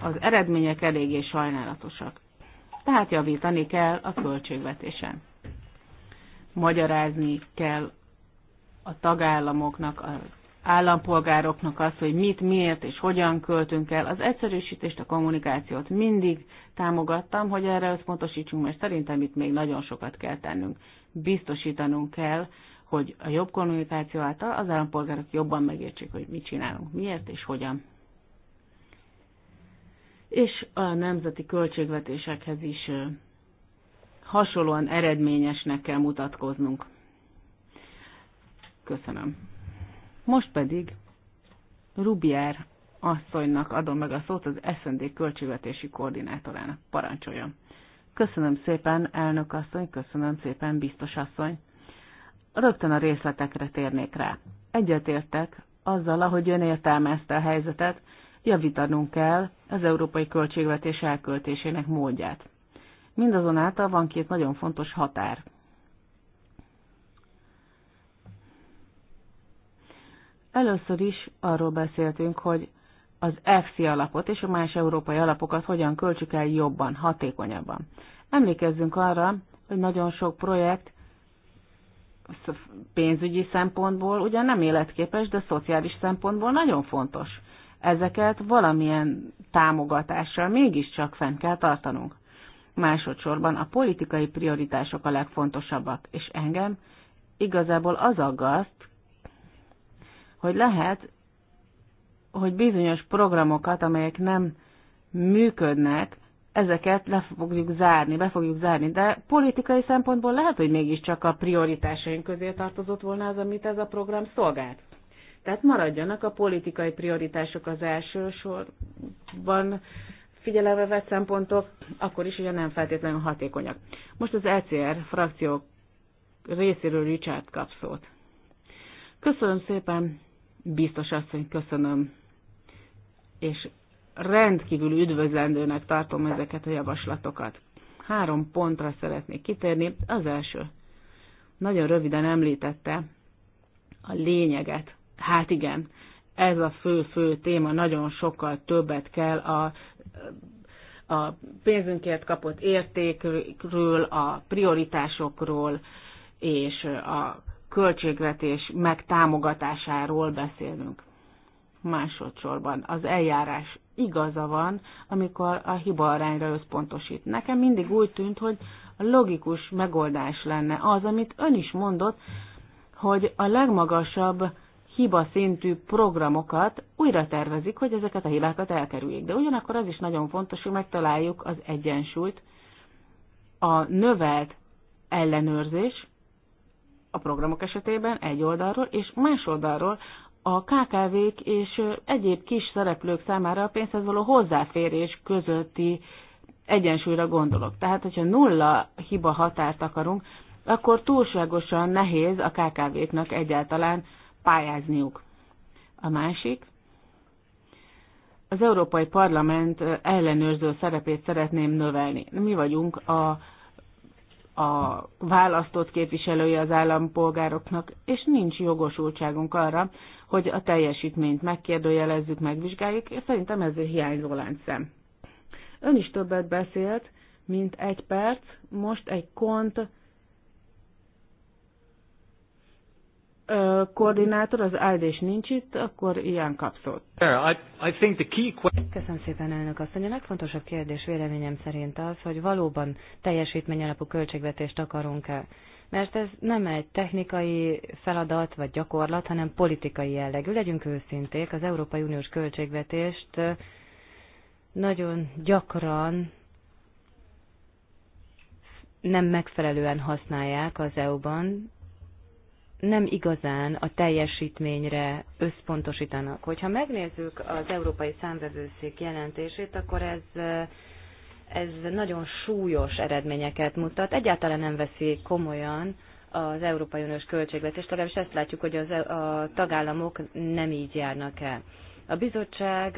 az eredmények eléggé sajnálatosak. Tehát javítani kell a költségvetésen. Magyarázni kell a tagállamoknak, az állampolgároknak azt, hogy mit, miért és hogyan költünk el. Az egyszerűsítést, a kommunikációt mindig támogattam, hogy erre összpontosítsunk, mert szerintem itt még nagyon sokat kell tennünk. Biztosítanunk kell, hogy a jobb kommunikáció által az állampolgárok jobban megértsék, hogy mit csinálunk, miért és hogyan és a nemzeti költségvetésekhez is hasonlóan eredményesnek kell mutatkoznunk. Köszönöm. Most pedig Rubier asszonynak adom meg a szót az SND költségvetési koordinátorának. Parancsoljon. Köszönöm szépen, elnök asszony, köszönöm szépen, biztos asszony. Rögtön a részletekre térnék rá. Egyetértek azzal, ahogy ön értelmezte a helyzetet, javítanunk kell az európai költségvetés elköltésének módját. Mindazonáltal van két nagyon fontos határ. Először is arról beszéltünk, hogy az EFSI alapot és a más európai alapokat hogyan költsük el jobban, hatékonyabban. Emlékezzünk arra, hogy nagyon sok projekt pénzügyi szempontból ugyan nem életképes, de szociális szempontból nagyon fontos ezeket valamilyen támogatással mégiscsak fent kell tartanunk. Másodszorban a politikai prioritások a legfontosabbak, és engem igazából az aggaszt, hogy lehet, hogy bizonyos programokat, amelyek nem működnek, ezeket le fogjuk zárni, be fogjuk zárni, de politikai szempontból lehet, hogy mégiscsak a prioritásaink közé tartozott volna az, amit ez a program szolgált. Tehát maradjanak a politikai prioritások az elsősorban figyelembe vett szempontok, akkor is ugye nem feltétlenül hatékonyak. Most az ECR frakció részéről Richard kap szót. Köszönöm szépen, biztos asszony, köszönöm, és rendkívül üdvözlendőnek tartom ezeket a javaslatokat. Három pontra szeretnék kitérni. Az első. Nagyon röviden említette a lényeget Hát igen, ez a fő-fő téma, nagyon sokkal többet kell a, a pénzünkért kapott értékről, a prioritásokról és a költségvetés megtámogatásáról beszélünk. Másodszorban az eljárás igaza van, amikor a hiba arányra összpontosít. Nekem mindig úgy tűnt, hogy a logikus megoldás lenne az, amit ön is mondott, hogy a legmagasabb hiba szintű programokat újra tervezik, hogy ezeket a hibákat elkerüljék. De ugyanakkor az is nagyon fontos, hogy megtaláljuk az egyensúlyt, a növelt ellenőrzés a programok esetében egy oldalról, és más oldalról a KKV-k és egyéb kis szereplők számára a pénzhez való hozzáférés közötti egyensúlyra gondolok. Tehát, hogyha nulla hiba határt akarunk, akkor túlságosan nehéz a KKV-knak egyáltalán pályázniuk. A másik, az Európai Parlament ellenőrző szerepét szeretném növelni. Mi vagyunk a, a választott képviselői az állampolgároknak, és nincs jogosultságunk arra, hogy a teljesítményt megkérdőjelezzük, megvizsgáljuk, és szerintem ez egy hiányzó láncszem. Ön is többet beszélt, mint egy perc, most egy kont koordinátor, az áldés nincs itt, akkor ilyen kapszót. Köszönöm szépen, elnök asszony. A legfontosabb kérdés véleményem szerint az, hogy valóban teljesítményalapú költségvetést akarunk-e. Mert ez nem egy technikai feladat vagy gyakorlat, hanem politikai jellegű. Legyünk őszinték, az Európai Uniós költségvetést nagyon gyakran nem megfelelően használják az EU-ban, nem igazán a teljesítményre összpontosítanak. Hogyha megnézzük az Európai Számvevőszék jelentését, akkor ez, ez nagyon súlyos eredményeket mutat. Egyáltalán nem veszi komolyan az Európai Uniós költségvetést, legalábbis ezt látjuk, hogy az, a tagállamok nem így járnak el. A bizottság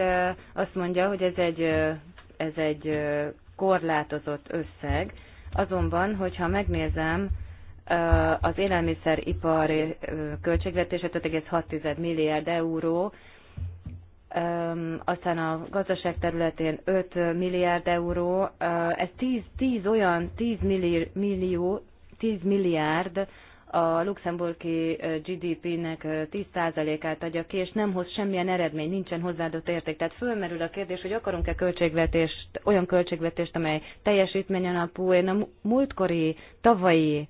azt mondja, hogy ez egy, ez egy korlátozott összeg, azonban, hogyha megnézem, az élelmiszeripar költségvetése 5,6 milliárd euró, aztán a gazdaság területén 5 milliárd euró, ez 10, 10 olyan 10 millió, 10 milliárd a luxemburgi GDP-nek 10%-át adja ki, és nem hoz semmilyen eredmény, nincsen hozzáadott érték. Tehát fölmerül a kérdés, hogy akarunk-e költségvetést, olyan költségvetést, amely alapú. Én a múltkori, tavalyi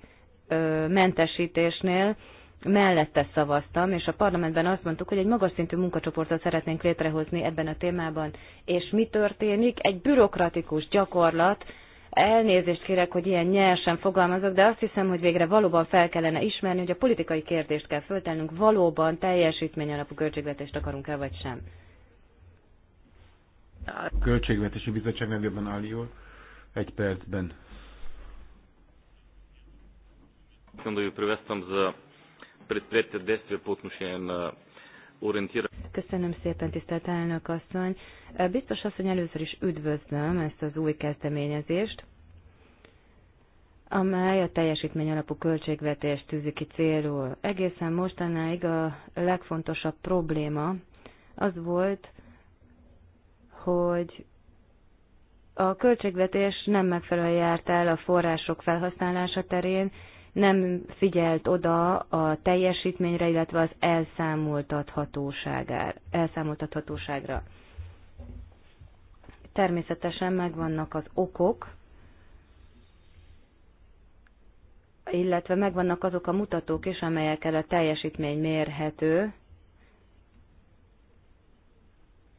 mentesítésnél mellette szavaztam, és a parlamentben azt mondtuk, hogy egy magas szintű munkacsoportot szeretnénk létrehozni ebben a témában. És mi történik? Egy bürokratikus gyakorlat, elnézést kérek, hogy ilyen nyersen fogalmazok, de azt hiszem, hogy végre valóban fel kellene ismerni, hogy a politikai kérdést kell föltennünk, valóban teljesítmény alapú költségvetést akarunk-e vagy sem. A Költségvetési Bizottság nevében Alió, egy percben. Искам да ви приветствам за предприятите действия по отношение на Köszönöm szépen, tisztelt elnök asszony. Biztos asszony, először is üdvözlöm ezt az új kezdeményezést, amely a teljesítmény alapú költségvetést tűzi ki célul. Egészen mostanáig a legfontosabb probléma az volt, hogy a költségvetés nem megfelelően járt el a források felhasználása terén, nem figyelt oda a teljesítményre, illetve az elszámoltathatóságra. Természetesen megvannak az okok, illetve megvannak azok a mutatók is, amelyekkel a teljesítmény mérhető,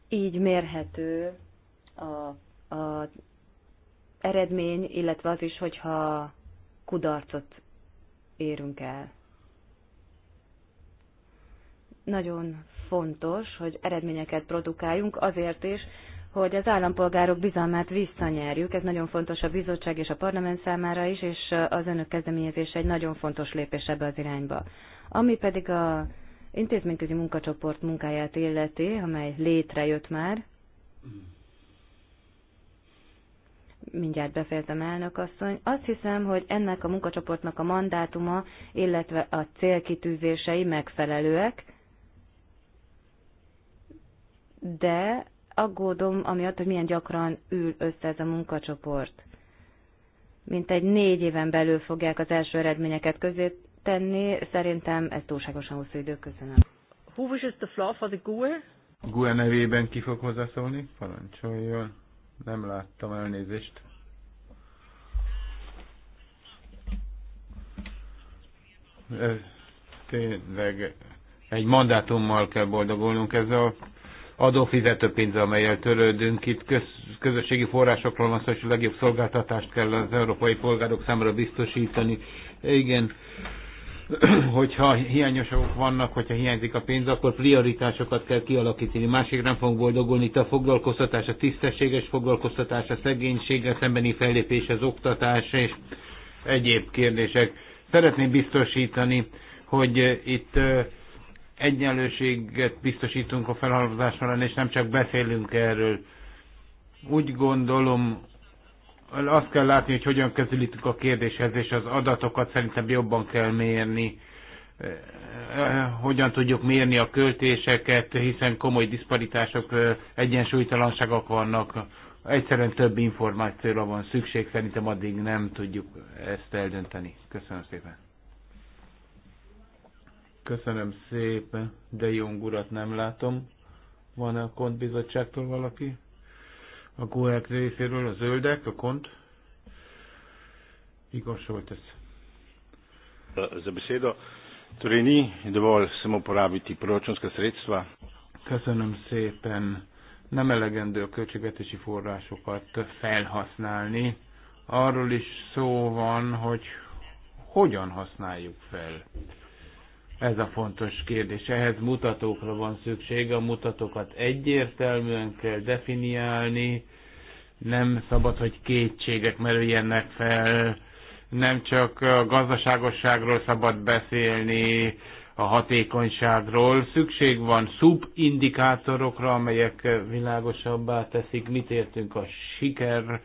így mérhető a, a eredmény, illetve az is, hogyha kudarcot érünk el. Nagyon fontos, hogy eredményeket produkáljunk azért is, hogy az állampolgárok bizalmát visszanyerjük. Ez nagyon fontos a bizottság és a parlament számára is, és az önök kezdeményezése egy nagyon fontos lépés ebbe az irányba. Ami pedig a intézményközi munkacsoport munkáját illeti, amely létrejött már, mindjárt befejezem elnök asszony. Azt hiszem, hogy ennek a munkacsoportnak a mandátuma, illetve a célkitűzései megfelelőek, de aggódom amiatt, hogy milyen gyakran ül össze ez a munkacsoport. Mint egy négy éven belül fogják az első eredményeket közé tenni, szerintem ez túlságosan hosszú idő, köszönöm. Who wishes the floor for the GUE? GUE nevében ki fog hozzászólni? Parancsoljon. Nem láttam elnézést. tényleg egy mandátummal kell boldogulnunk. Ez a adófizető pénz, amelyel törődünk. Itt köz, közösségi forrásokról van szó, és a legjobb szolgáltatást kell az európai polgárok számára biztosítani. Igen, hogyha hiányosok vannak, hogyha hiányzik a pénz, akkor prioritásokat kell kialakítani. Másik nem fog boldogulni. Itt a foglalkoztatás, a tisztességes foglalkoztatás, a szegénységgel szembeni fellépés, az oktatás és egyéb kérdések Szeretném biztosítani, hogy eh, itt eh, egyenlőséget biztosítunk a felhalmozás és nem csak beszélünk erről. Úgy gondolom, azt kell látni, hogy hogyan közelítünk a kérdéshez, és az adatokat szerintem jobban kell mérni. Eh, hogyan tudjuk mérni a költéseket, hiszen komoly diszparitások, egyensúlytalanságok vannak Egyszerűen több információra van szükség, szerintem addig nem tudjuk ezt eldönteni. Köszönöm szépen. Köszönöm szépen, de Jung urat nem látom. Van-e a kont bizottságtól valaki? A GUEK részéről a zöldek, a kont? volt ez. Za besedo. Torej ni dovolj samo porabiti proračunska sredstva. Köszönöm szépen nem elegendő a költségvetési forrásokat felhasználni. Arról is szó van, hogy hogyan használjuk fel. Ez a fontos kérdés. Ehhez mutatókra van szükség, a mutatókat egyértelműen kell definiálni, nem szabad, hogy kétségek merüljenek fel, nem csak a gazdaságosságról szabad beszélni, a hatékonyságról. Szükség van szubindikátorokra, amelyek világosabbá teszik, mit értünk a siker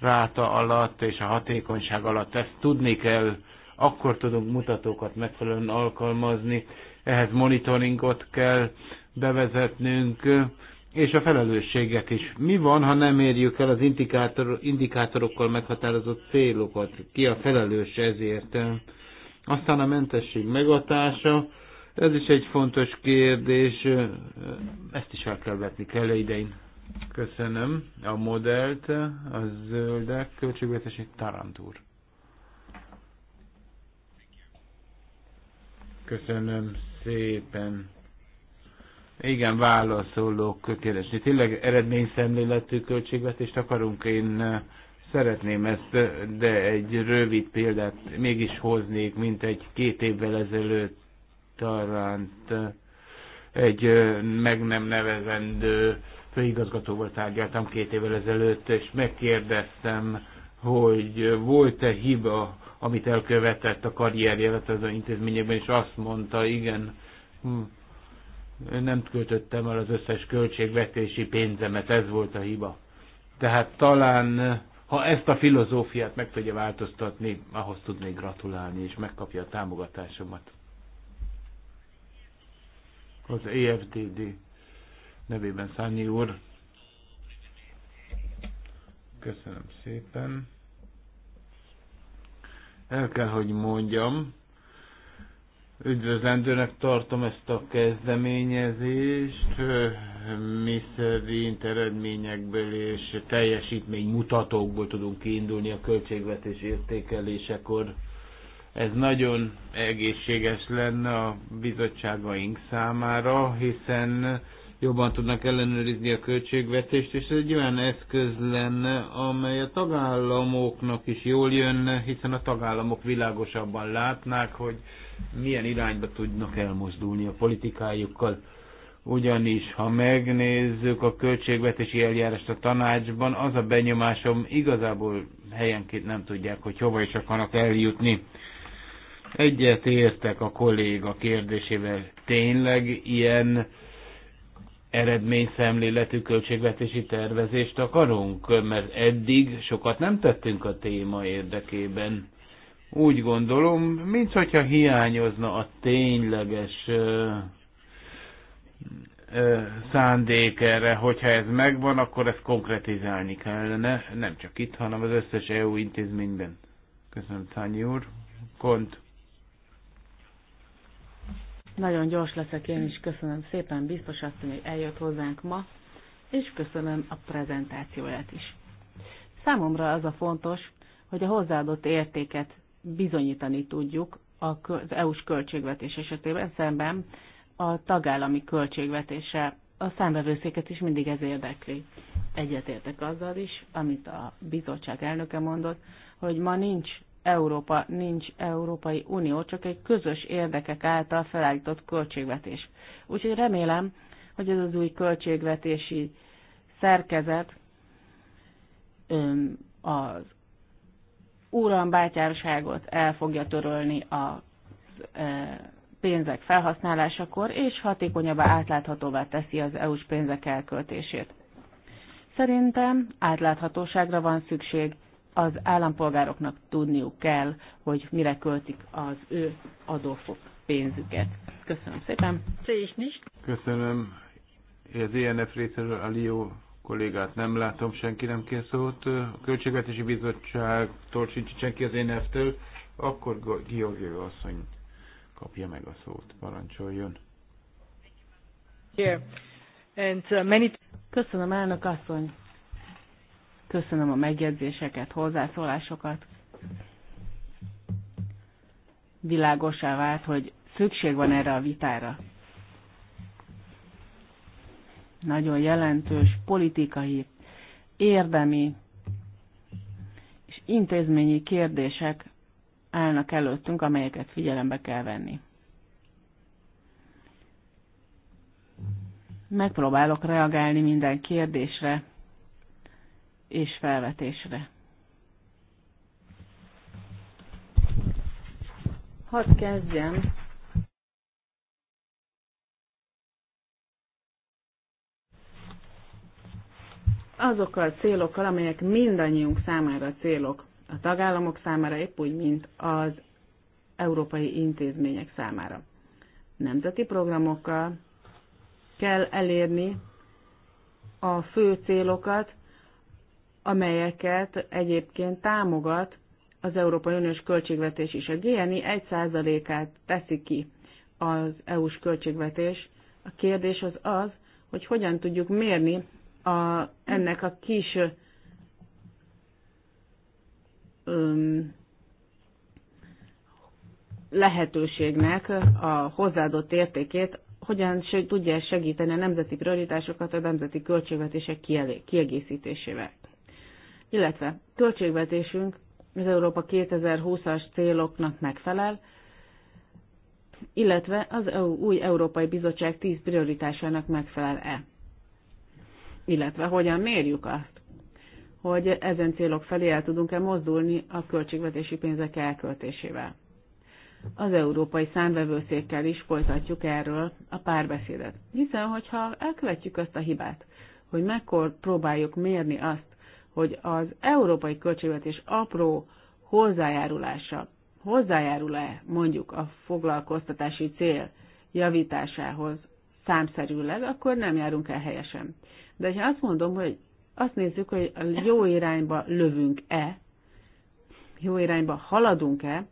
ráta alatt és a hatékonyság alatt. Ezt tudni kell, akkor tudunk mutatókat megfelelően alkalmazni, ehhez monitoringot kell bevezetnünk, és a felelősséget is. Mi van, ha nem érjük el az indikátor, indikátorokkal meghatározott célokat? Ki a felelős ezért? Aztán a mentesség megatása, ez is egy fontos kérdés, ezt is el kell vetni kell idején. Köszönöm a modellt, a zöldek, költségvetési Tarantúr. Köszönöm szépen. Igen, válaszolok kérdésre. Tényleg eredményszemléletű költségvetést akarunk. Én Szeretném ezt, de egy rövid példát mégis hoznék, mint egy két évvel ezelőtt Taránt egy meg nem nevezendő főigazgatóval tárgyaltam két évvel ezelőtt, és megkérdeztem, hogy volt-e hiba, amit elkövetett a karrierjelet az intézményekben, és azt mondta, igen, hm, nem költöttem el az összes költségvetési pénzemet, ez volt a hiba. Tehát talán ha ezt a filozófiát meg tudja változtatni, ahhoz tudnék gratulálni, és megkapja a támogatásomat. Az EFTD nevében Szányi úr. Köszönöm szépen. El kell, hogy mondjam, Üdvözlendőnek tartom ezt a kezdeményezést, mi szerint eredményekből és mutatókból tudunk kiindulni a költségvetés értékelésekor. Ez nagyon egészséges lenne a bizottságaink számára, hiszen jobban tudnak ellenőrizni a költségvetést, és ez egy olyan eszköz lenne, amely a tagállamoknak is jól jönne, hiszen a tagállamok világosabban látnák, hogy milyen irányba tudnak elmozdulni a politikájukkal. Ugyanis, ha megnézzük a költségvetési eljárást a tanácsban, az a benyomásom, igazából helyenként nem tudják, hogy hova is akarnak eljutni. Egyet értek a kolléga kérdésével. Tényleg ilyen eredményszemléletű költségvetési tervezést akarunk, mert eddig sokat nem tettünk a téma érdekében úgy gondolom, mint hogyha hiányozna a tényleges ö, ö, szándék erre, hogyha ez megvan, akkor ezt konkretizálni kellene, nem csak itt, hanem az összes EU intézményben. Köszönöm, Szányi úr. Kont. Nagyon gyors leszek én is, köszönöm szépen, biztos azt, hogy eljött hozzánk ma, és köszönöm a prezentációját is. Számomra az a fontos, hogy a hozzáadott értéket bizonyítani tudjuk az EU-s költségvetés esetében, szemben a tagállami költségvetése a számbevőszéket is mindig ez érdekli. Egyetértek azzal is, amit a bizottság elnöke mondott, hogy ma nincs Európa, nincs Európai Unió, csak egy közös érdekek által felállított költségvetés. Úgyhogy remélem, hogy ez az új költségvetési szerkezet az uram bátyárságot el fogja törölni a e, pénzek felhasználásakor, és hatékonyabbá átláthatóvá teszi az EU-s pénzek elköltését. Szerintem átláthatóságra van szükség, az állampolgároknak tudniuk kell, hogy mire költik az ő adófok pénzüket. Köszönöm szépen. Köszönöm. Az INF e részéről a Lió kollégát nem látom, senki nem kér szót. A Költségvetési Bizottságtól sincs senki az én től akkor Georgieva asszony kapja meg a szót, parancsoljon. Uh, Köszönöm, elnök asszony. Köszönöm a megjegyzéseket, hozzászólásokat. Világosá vált, hogy szükség van erre a vitára nagyon jelentős politikai, érdemi és intézményi kérdések állnak előttünk, amelyeket figyelembe kell venni. Megpróbálok reagálni minden kérdésre és felvetésre. Hadd kezdjem azokkal a célokkal, amelyek mindannyiunk számára célok, a tagállamok számára épp úgy, mint az európai intézmények számára. Nemzeti programokkal kell elérni a fő célokat, amelyeket egyébként támogat az Európai Uniós költségvetés is. A GNI 1%-át teszi ki az EU-s költségvetés. A kérdés az az, hogy hogyan tudjuk mérni a, ennek a kis öm, lehetőségnek a hozzáadott értékét hogyan tudja segíteni a nemzeti prioritásokat a nemzeti költségvetések kiegészítésével. Illetve költségvetésünk az Európa 2020-as céloknak megfelel, illetve az e új Európai Bizottság 10 prioritásának megfelel-e illetve hogyan mérjük azt, hogy ezen célok felé el tudunk-e mozdulni a költségvetési pénzek elköltésével. Az Európai Számvevőszékkel is folytatjuk erről a párbeszédet. Hiszen, hogyha elkövetjük azt a hibát, hogy mekkor próbáljuk mérni azt, hogy az európai költségvetés apró hozzájárulása, hozzájárul-e mondjuk a foglalkoztatási cél javításához számszerűleg, akkor nem járunk el helyesen. De ha azt mondom, hogy azt nézzük, hogy a jó irányba lövünk-e, jó irányba haladunk-e,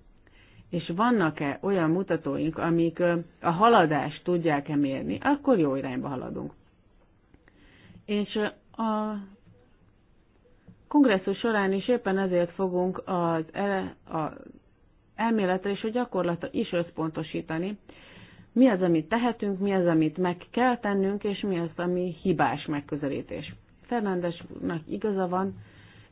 és vannak-e olyan mutatóink, amik a haladást tudják-e mérni, akkor jó irányba haladunk. És a kongresszus során is éppen ezért fogunk az, ele, az elméletre és a gyakorlata is összpontosítani, mi az, amit tehetünk, mi az, amit meg kell tennünk, és mi az, ami hibás megközelítés. Fernándesnak igaza van,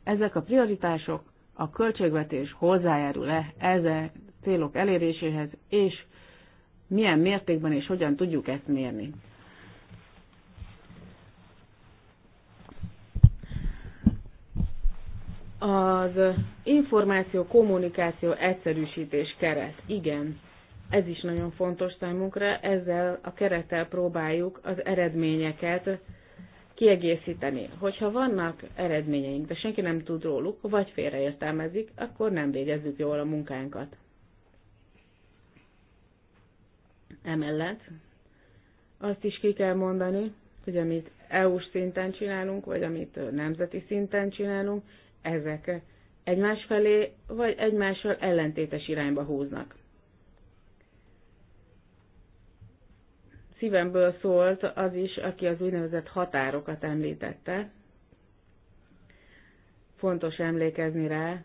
ezek a prioritások, a költségvetés hozzájárul-e ezen célok eléréséhez, és milyen mértékben és hogyan tudjuk ezt mérni. Az információ-kommunikáció egyszerűsítés keret. Igen, ez is nagyon fontos számunkra, ezzel a kerettel próbáljuk az eredményeket kiegészíteni. Hogyha vannak eredményeink, de senki nem tud róluk, vagy félreértelmezik, akkor nem végezzük jól a munkánkat. Emellett azt is ki kell mondani, hogy amit EU-s szinten csinálunk, vagy amit nemzeti szinten csinálunk, ezek egymás felé, vagy egymással ellentétes irányba húznak. szívemből szólt az is, aki az úgynevezett határokat említette. Fontos emlékezni rá,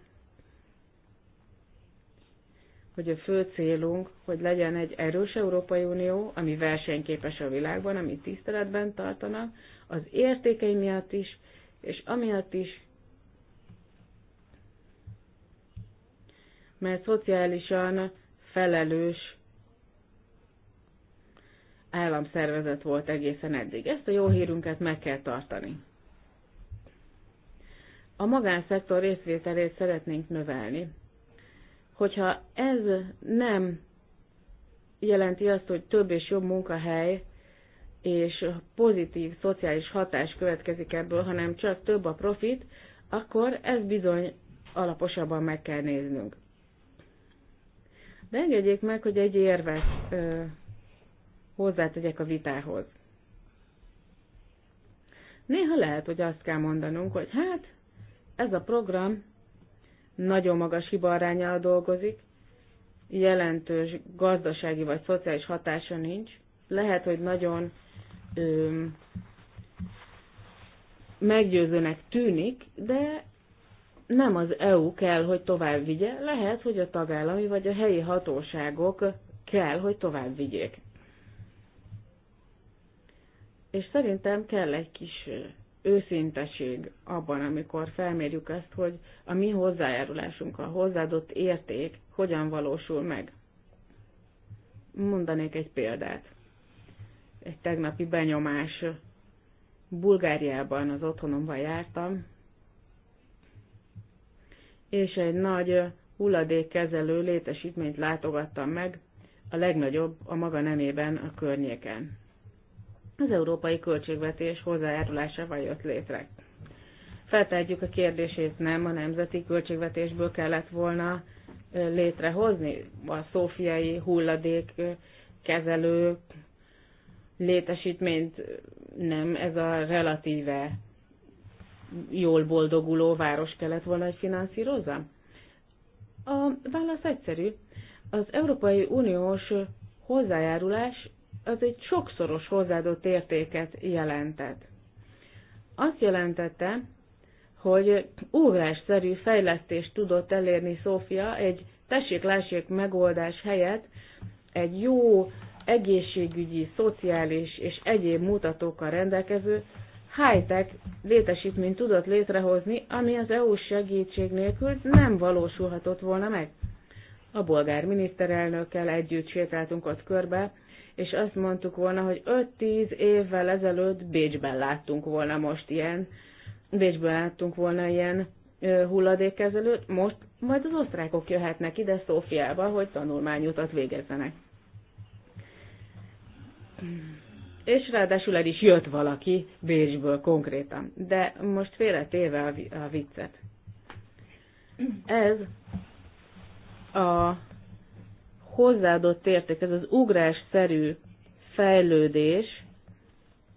hogy a fő célunk, hogy legyen egy erős Európai Unió, ami versenyképes a világban, ami tiszteletben tartanak, az értékei miatt is, és amiatt is, mert szociálisan felelős államszervezet volt egészen eddig. Ezt a jó hírünket meg kell tartani. A magánszektor részvételét szeretnénk növelni. Hogyha ez nem jelenti azt, hogy több és jobb munkahely és pozitív szociális hatás következik ebből, hanem csak több a profit, akkor ez bizony alaposabban meg kell néznünk. De engedjék meg, hogy egy érvet hozzátegyek a vitához. Néha lehet, hogy azt kell mondanunk, hogy hát ez a program nagyon magas hibarányjal dolgozik, jelentős gazdasági vagy szociális hatása nincs. Lehet, hogy nagyon ö, meggyőzőnek tűnik, de nem az EU kell, hogy tovább vigye, lehet, hogy a tagállami vagy a helyi hatóságok kell, hogy tovább vigyék. És szerintem kell egy kis őszinteség abban, amikor felmérjük ezt, hogy a mi hozzájárulásunk, a hozzáadott érték hogyan valósul meg. Mondanék egy példát. Egy tegnapi benyomás. Bulgáriában az otthonomban jártam, és egy nagy hulladékkezelő létesítményt látogattam meg, a legnagyobb a maga nemében a környéken az európai költségvetés hozzájárulásával jött létre. Feltehetjük a kérdését, nem a nemzeti költségvetésből kellett volna létrehozni a szófiai hulladék kezelő létesítményt, nem ez a relatíve jól boldoguló város kellett volna, hogy finanszírozza? A válasz egyszerű. Az Európai Uniós hozzájárulás az egy sokszoros hozzáadott értéket jelentett. Azt jelentette, hogy ugrásszerű fejlesztést tudott elérni Szófia egy tessék-lássék megoldás helyett egy jó egészségügyi, szociális és egyéb mutatókkal rendelkező high-tech létesítményt tudott létrehozni, ami az EU segítség nélkül nem valósulhatott volna meg. A bolgár miniszterelnökkel együtt sétáltunk ott körbe, és azt mondtuk volna, hogy 5-10 évvel ezelőtt Bécsben láttunk volna most ilyen, Bécsben láttunk volna ilyen hulladékkezelőt, most majd az osztrákok jöhetnek ide Szófiába, hogy tanulmányutat végezzenek. És ráadásul el is jött valaki Bécsből konkrétan. De most félretéve a viccet. Ez a hozzáadott érték, ez az ugrásszerű fejlődés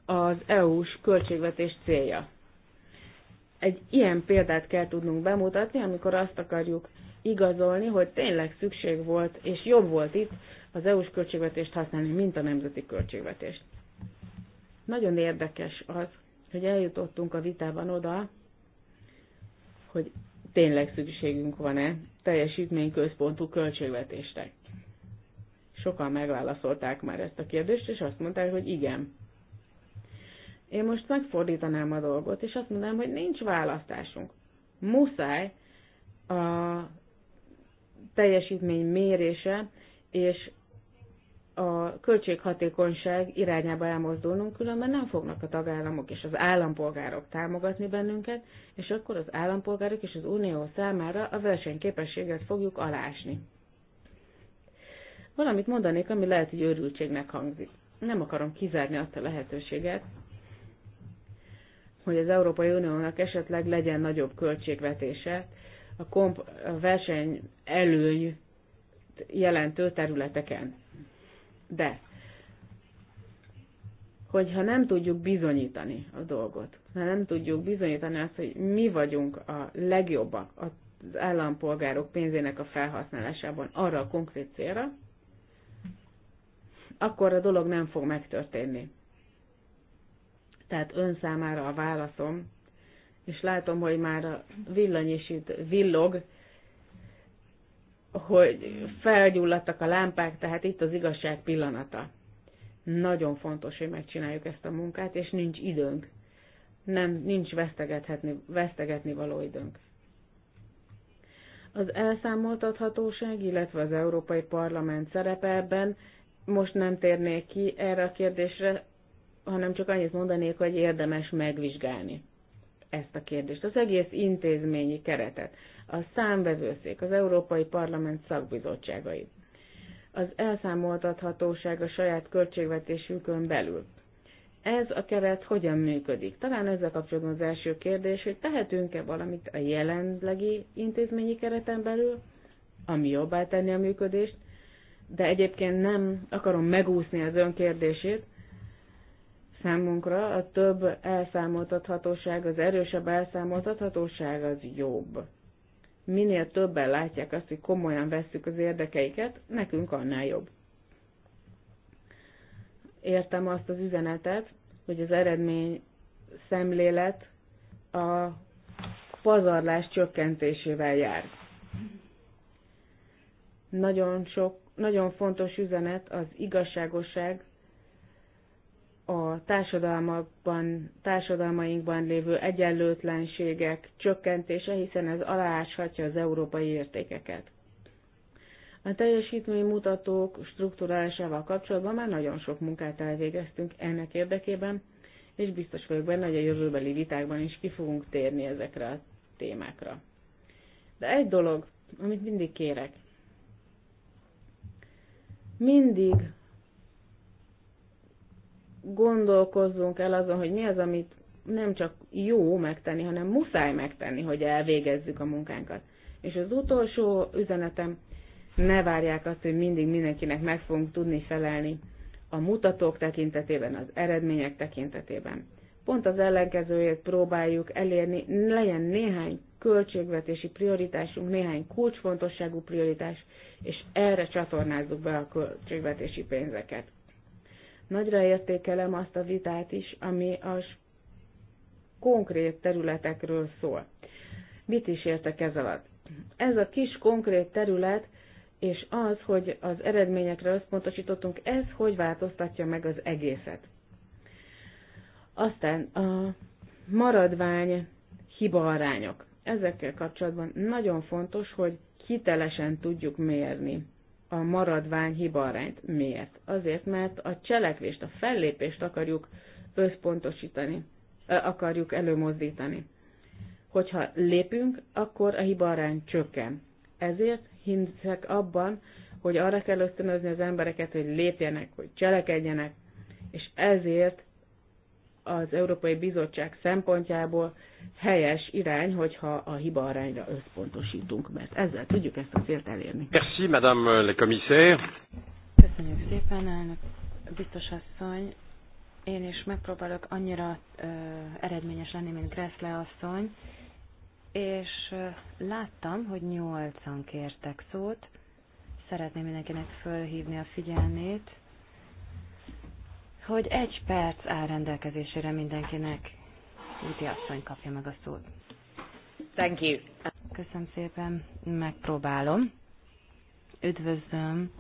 az EU-s költségvetés célja. Egy ilyen példát kell tudnunk bemutatni, amikor azt akarjuk igazolni, hogy tényleg szükség volt, és jobb volt itt az EU-s költségvetést használni, mint a nemzeti költségvetést. Nagyon érdekes az, hogy eljutottunk a vitában oda, hogy tényleg szükségünk van-e teljesítményközpontú költségvetésnek. Sokan megválaszolták már ezt a kérdést, és azt mondták, hogy igen. Én most megfordítanám a dolgot, és azt mondanám, hogy nincs választásunk. Muszáj a teljesítmény mérése és a költséghatékonyság irányába elmozdulnunk, különben nem fognak a tagállamok és az állampolgárok támogatni bennünket, és akkor az állampolgárok és az unió számára a versenyképességet fogjuk alásni valamit mondanék, ami lehet, hogy őrültségnek hangzik. Nem akarom kizárni azt a lehetőséget, hogy az Európai Uniónak esetleg legyen nagyobb költségvetése a, komp- a verseny előny jelentő területeken. De hogyha nem tudjuk bizonyítani a dolgot, ha nem tudjuk bizonyítani azt, hogy mi vagyunk a legjobbak az állampolgárok pénzének a felhasználásában arra a konkrét célra, akkor a dolog nem fog megtörténni. Tehát ön számára a válaszom, és látom, hogy már a villany is itt villog, hogy felgyulladtak a lámpák, tehát itt az igazság pillanata. Nagyon fontos, hogy megcsináljuk ezt a munkát, és nincs időnk. Nem, nincs vesztegethetni, vesztegetni való időnk. Az elszámoltathatóság, illetve az Európai Parlament szerepe ebben most nem térnék ki erre a kérdésre, hanem csak annyit mondanék, hogy érdemes megvizsgálni ezt a kérdést, az egész intézményi keretet, a számvevőszék, az Európai Parlament szakbizottságai, az elszámoltathatóság a saját költségvetésükön belül. Ez a keret hogyan működik? Talán ezzel kapcsolatban az első kérdés, hogy tehetünk-e valamit a jelenlegi intézményi kereten belül, ami jobbá tenni a működést, de egyébként nem akarom megúszni az ön kérdését. Számunkra a több elszámoltathatóság, az erősebb elszámoltathatóság az jobb. Minél többen látják azt, hogy komolyan vesszük az érdekeiket, nekünk annál jobb. Értem azt az üzenetet, hogy az eredmény szemlélet a pazarlás csökkentésével jár. Nagyon sok nagyon fontos üzenet az igazságosság a társadalmakban, társadalmainkban lévő egyenlőtlenségek csökkentése, hiszen ez alááshatja az európai értékeket. A teljesítmény mutatók struktúrálásával kapcsolatban már nagyon sok munkát elvégeztünk ennek érdekében, és biztos vagyok benne, hogy a jövőbeli vitákban is ki fogunk térni ezekre a témákra. De egy dolog, amit mindig kérek, mindig gondolkozzunk el azon, hogy mi az, amit nem csak jó megtenni, hanem muszáj megtenni, hogy elvégezzük a munkánkat. És az utolsó üzenetem, ne várják azt, hogy mindig mindenkinek meg fogunk tudni felelni a mutatók tekintetében, az eredmények tekintetében. Pont az ellenkezőjét próbáljuk elérni, legyen néhány költségvetési prioritásunk, néhány kulcsfontosságú prioritás, és erre csatornázzuk be a költségvetési pénzeket. Nagyra értékelem azt a vitát is, ami a konkrét területekről szól. Mit is értek ez alatt? Ez a kis konkrét terület, és az, hogy az eredményekre összpontosítottunk, ez hogy változtatja meg az egészet. Aztán a maradvány hibaarányok ezekkel kapcsolatban nagyon fontos, hogy hitelesen tudjuk mérni a maradvány hibarányt. Miért? Azért, mert a cselekvést, a fellépést akarjuk összpontosítani, akarjuk előmozdítani. Hogyha lépünk, akkor a hibarány csökken. Ezért hiszek abban, hogy arra kell ösztönözni az embereket, hogy lépjenek, hogy cselekedjenek, és ezért az Európai Bizottság szempontjából helyes irány, hogyha a hiba arányra összpontosítunk, mert ezzel tudjuk ezt a célt elérni. Merci, Madame le Commissaire. Köszönjük szépen, elnök biztos asszony. Én is megpróbálok annyira ö, eredményes lenni, mint Gressle asszony, és láttam, hogy nyolcan kértek szót. Szeretném mindenkinek fölhívni a figyelmét hogy egy perc áll rendelkezésére mindenkinek. Úti asszony kapja meg a szót. Thank you. Köszönöm szépen, megpróbálom. Üdvözlöm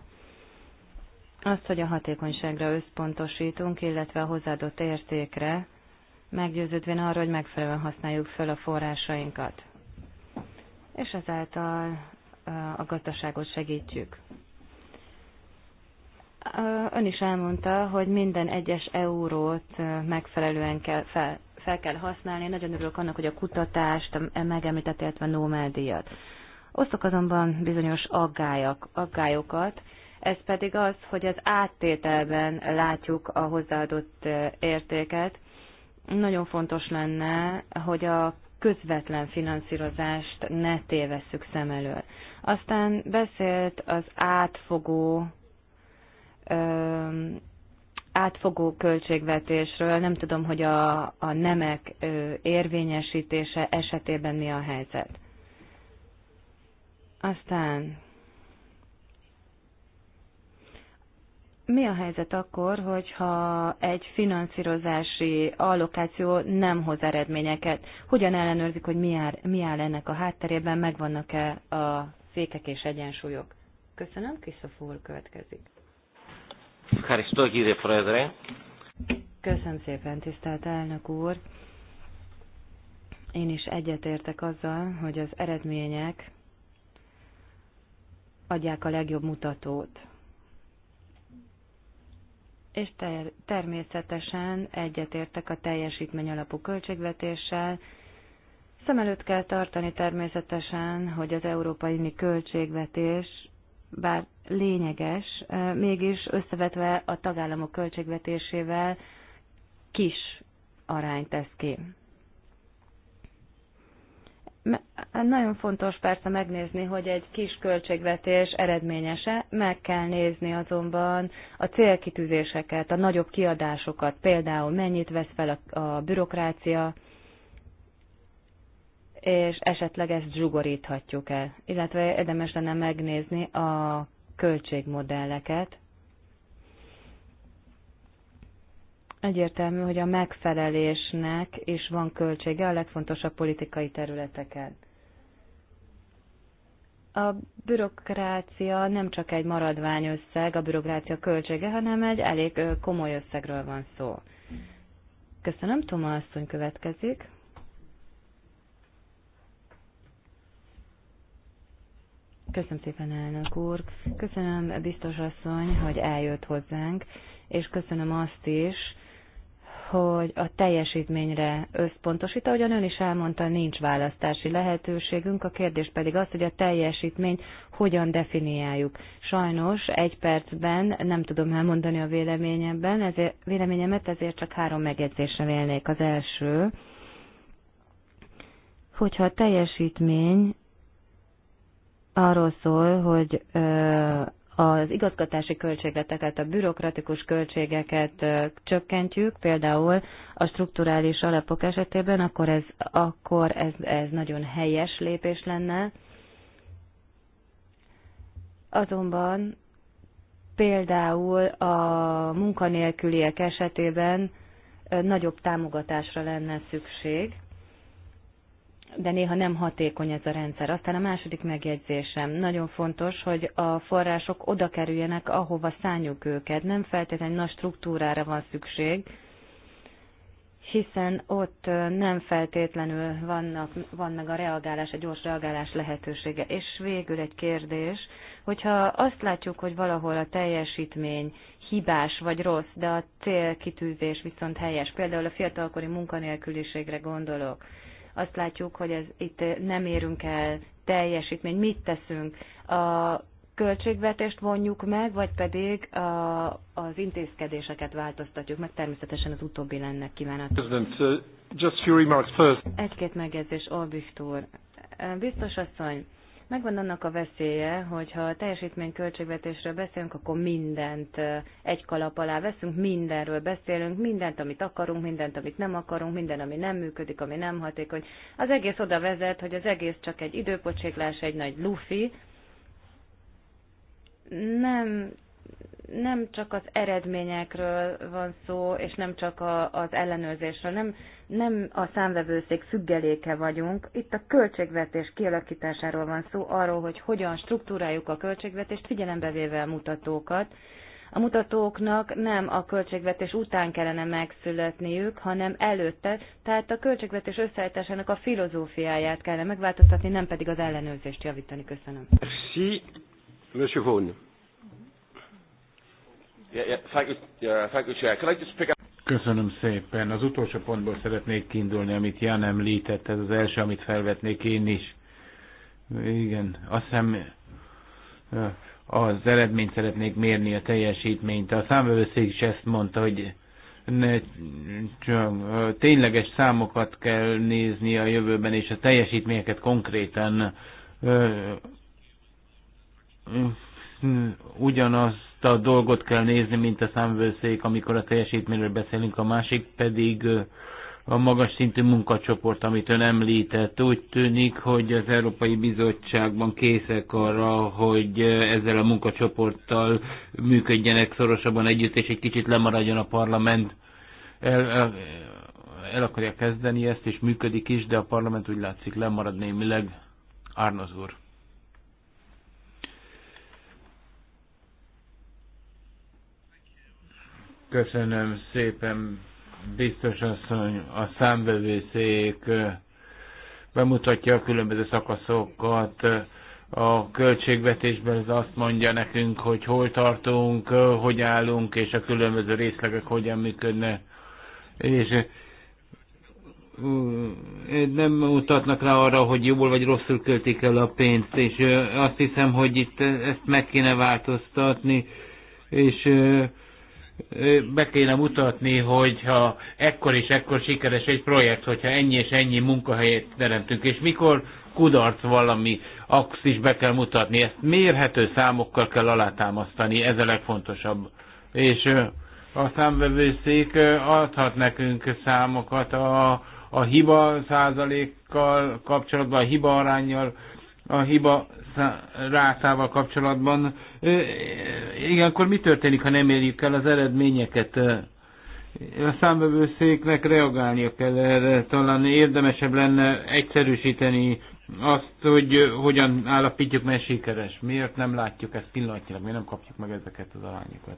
azt, hogy a hatékonyságra összpontosítunk, illetve a hozzáadott értékre, meggyőződvén arra, hogy megfelelően használjuk fel a forrásainkat. És ezáltal a gazdaságot segítjük. Ön is elmondta, hogy minden egyes eurót megfelelően kell fel, fel kell használni. Én nagyon örülök annak, hogy a kutatást e megemlített, illetve Nómel díjat. Osztok azonban bizonyos aggályok, aggályokat, ez pedig az, hogy az áttételben látjuk a hozzáadott értéket. Nagyon fontos lenne, hogy a közvetlen finanszírozást ne tévesszük szem elől. Aztán beszélt az átfogó átfogó költségvetésről, nem tudom, hogy a, a nemek érvényesítése esetében mi a helyzet. Aztán mi a helyzet akkor, hogyha egy finanszírozási allokáció nem hoz eredményeket? Hogyan ellenőrzik, hogy mi áll, mi áll ennek a hátterében, megvannak-e a székek és egyensúlyok? Köszönöm, Krisztof következik. Ευχαριστώ κύριε Πρόεδρε. Köszönöm szépen, tisztelt elnök úr. Én is egyetértek azzal, hogy az eredmények adják a legjobb mutatót. És ter- természetesen egyetértek a teljesítmény alapú költségvetéssel. Szem előtt kell tartani természetesen, hogy az európai mi költségvetés bár lényeges, mégis összevetve a tagállamok költségvetésével kis arány tesz ki. Nagyon fontos persze megnézni, hogy egy kis költségvetés eredményese, meg kell nézni azonban a célkitűzéseket, a nagyobb kiadásokat, például mennyit vesz fel a, a bürokrácia, és esetleg ezt zsugoríthatjuk el. Illetve érdemes lenne megnézni a költségmodelleket. Egyértelmű, hogy a megfelelésnek is van költsége a legfontosabb politikai területeken. A bürokrácia nem csak egy maradványösszeg, a bürokrácia költsége, hanem egy elég komoly összegről van szó. Köszönöm, Toma asszony következik. Köszönöm szépen, elnök úr. Köszönöm, biztos asszony, hogy eljött hozzánk, és köszönöm azt is, hogy a teljesítményre összpontosít, ahogyan ön is elmondta, nincs választási lehetőségünk, a kérdés pedig az, hogy a teljesítményt hogyan definiáljuk. Sajnos egy percben nem tudom elmondani a véleményemben, ezért, véleményemet ezért csak három megjegyzésre vélnék. Az első, hogyha a teljesítmény arról szól, hogy az igazgatási költségleteket, a bürokratikus költségeket csökkentjük, például a strukturális alapok esetében, akkor ez, akkor ez, ez nagyon helyes lépés lenne. Azonban például a munkanélküliek esetében nagyobb támogatásra lenne szükség de néha nem hatékony ez a rendszer. Aztán a második megjegyzésem. Nagyon fontos, hogy a források oda kerüljenek, ahova szálljuk őket. Nem feltétlenül nagy struktúrára van szükség, hiszen ott nem feltétlenül vannak, van meg a reagálás, a gyors reagálás lehetősége. És végül egy kérdés, hogyha azt látjuk, hogy valahol a teljesítmény hibás vagy rossz, de a célkitűzés viszont helyes, például a fiatalkori munkanélküliségre gondolok, azt látjuk, hogy ez itt nem érünk el teljesítmény. Mit teszünk? A költségvetést vonjuk meg, vagy pedig a, az intézkedéseket változtatjuk meg? Természetesen az utóbbi lenne kívánat. Uh, just few remarks first. Egy-két megjegyzés, Olbicht úr. Biztos asszony, Megvan annak a veszélye, hogyha a teljesítményköltségvetésről beszélünk, akkor mindent egy kalap alá veszünk, mindenről beszélünk, mindent, amit akarunk, mindent, amit nem akarunk, minden, ami nem működik, ami nem hatékony. Az egész oda vezet, hogy az egész csak egy időpocséklás, egy nagy lufi. Nem nem csak az eredményekről van szó, és nem csak a, az ellenőrzésről, nem, nem a számvevőszék függeléke vagyunk. Itt a költségvetés kialakításáról van szó, arról, hogy hogyan struktúráljuk a költségvetést, figyelembe véve a mutatókat. A mutatóknak nem a költségvetés után kellene megszületniük, hanem előtte, tehát a költségvetés összeállításának a filozófiáját kellene megváltoztatni, nem pedig az ellenőrzést javítani. Köszönöm. Merci, Köszönöm szépen. Az utolsó pontból szeretnék kiindulni, amit Jan említett, ez az első, amit felvetnék én is. Igen, azt hiszem az eredményt szeretnék mérni, a teljesítményt. A számvevőszék is ezt mondta, hogy ne, csak, tényleges számokat kell nézni a jövőben, és a teljesítményeket konkrétan ugyanaz a dolgot kell nézni, mint a számvőszék, amikor a teljesítményről beszélünk, a másik pedig a magas szintű munkacsoport, amit ön említett. Úgy tűnik, hogy az Európai Bizottságban készek arra, hogy ezzel a munkacsoporttal működjenek szorosabban együtt, és egy kicsit lemaradjon a parlament. El, el, el akarja kezdeni ezt, és működik is, de a parlament úgy látszik lemarad némileg. Árnoz úr. Köszönöm szépen, biztos asszony, a számbevőszék bemutatja a különböző szakaszokat a költségvetésben, ez azt mondja nekünk, hogy hol tartunk, hogy állunk, és a különböző részlegek hogyan működnek. És nem mutatnak rá arra, hogy jól vagy rosszul költik el a pénzt, és azt hiszem, hogy itt ezt meg kéne változtatni, és be kéne mutatni, hogyha ekkor és ekkor sikeres egy projekt, hogyha ennyi és ennyi munkahelyet teremtünk, és mikor kudarc valami, azt is be kell mutatni. Ezt mérhető számokkal kell alátámasztani, ez a legfontosabb. És a számvevőszék adhat nekünk számokat a, a hiba százalékkal kapcsolatban, a hiba arányjal, a hiba rászával kapcsolatban. Igen, akkor mi történik, ha nem érjük el az eredményeket? A számvevőszéknek reagálnia kell erre, talán érdemesebb lenne egyszerűsíteni azt, hogy hogyan állapítjuk meg sikeres. Miért nem látjuk ezt pillanatnyilag, miért nem kapjuk meg ezeket az arányokat?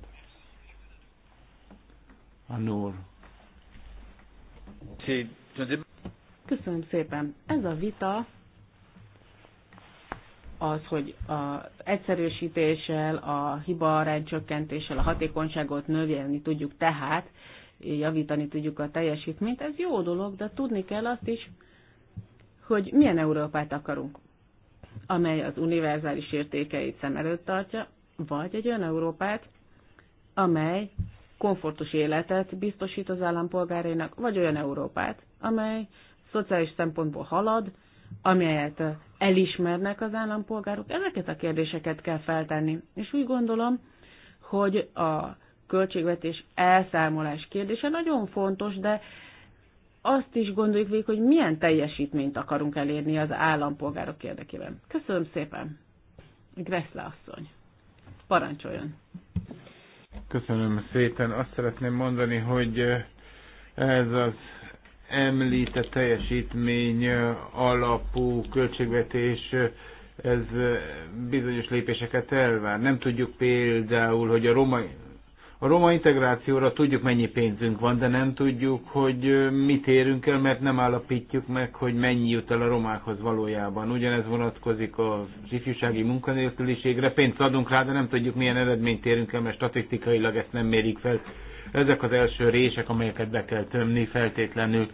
A NOR. Köszönöm szépen. Ez a vita az, hogy az egyszerűsítéssel, a hiba csökkentéssel, a hatékonyságot növelni tudjuk tehát, javítani tudjuk a teljesítményt, ez jó dolog, de tudni kell azt is, hogy milyen Európát akarunk, amely az univerzális értékeit szem előtt tartja, vagy egy olyan Európát, amely komfortos életet biztosít az állampolgárainak, vagy olyan Európát, amely szociális szempontból halad, amelyet elismernek az állampolgárok, ezeket a kérdéseket kell feltenni. És úgy gondolom, hogy a költségvetés elszámolás kérdése nagyon fontos, de azt is gondoljuk végig, hogy milyen teljesítményt akarunk elérni az állampolgárok érdekében. Köszönöm szépen. Greszle asszony. Parancsoljon. Köszönöm szépen. Azt szeretném mondani, hogy ez az említett teljesítmény alapú költségvetés ez bizonyos lépéseket elvár. Nem tudjuk például, hogy a roma, a roma integrációra tudjuk mennyi pénzünk van, de nem tudjuk, hogy mit érünk el, mert nem állapítjuk meg, hogy mennyi jut el a romákhoz valójában. Ugyanez vonatkozik az ifjúsági munkanélküliségre. Pénzt adunk rá, de nem tudjuk, milyen eredményt érünk el, mert statisztikailag ezt nem mérik fel. Ezek az első rések, amelyeket be kell tömni feltétlenül,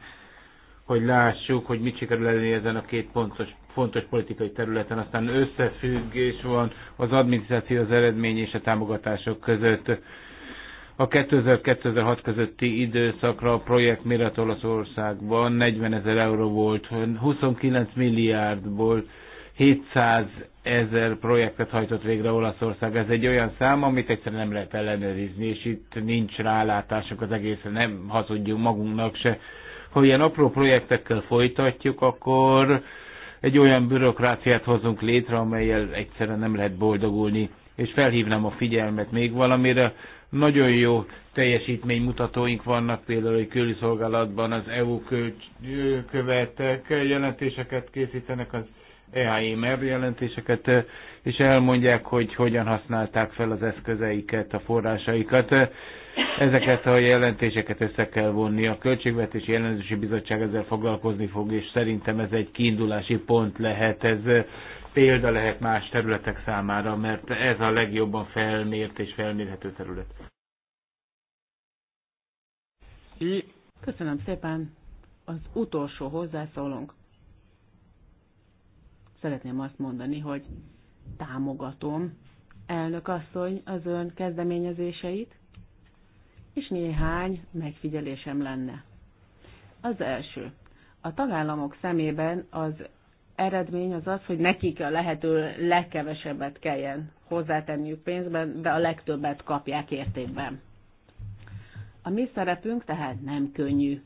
hogy lássuk, hogy mit sikerül elérni ezen a két pontos, fontos politikai területen. Aztán összefüggés van az adminisztráció, az eredmény és a támogatások között. A 2000-2006 közötti időszakra a projekt méret Olaszországban 40 ezer euró volt, 29 milliárdból 700 ezer projektet hajtott végre Olaszország. Ez egy olyan szám, amit egyszerűen nem lehet ellenőrizni, és itt nincs rálátásunk az egészre, nem hazudjunk magunknak se. Ha ilyen apró projektekkel folytatjuk, akkor egy olyan bürokráciát hozunk létre, amelyel egyszerűen nem lehet boldogulni. És felhívnám a figyelmet még valamire. Nagyon jó teljesítménymutatóink vannak, például egy külszolgálatban az EU követek jelentéseket készítenek az EIMR jelentéseket, és elmondják, hogy hogyan használták fel az eszközeiket, a forrásaikat. Ezeket a jelentéseket össze kell vonni. A Költségvetési Jelentősi Bizottság ezzel foglalkozni fog, és szerintem ez egy kiindulási pont lehet. Ez példa lehet más területek számára, mert ez a legjobban felmért és felmérhető terület. Köszönöm szépen. Az utolsó hozzászólónk szeretném azt mondani, hogy támogatom elnök asszony az ön kezdeményezéseit, és néhány megfigyelésem lenne. Az első. A tagállamok szemében az eredmény az az, hogy nekik a lehető legkevesebbet kelljen hozzátenniük pénzben, de a legtöbbet kapják értékben. A mi szerepünk tehát nem könnyű.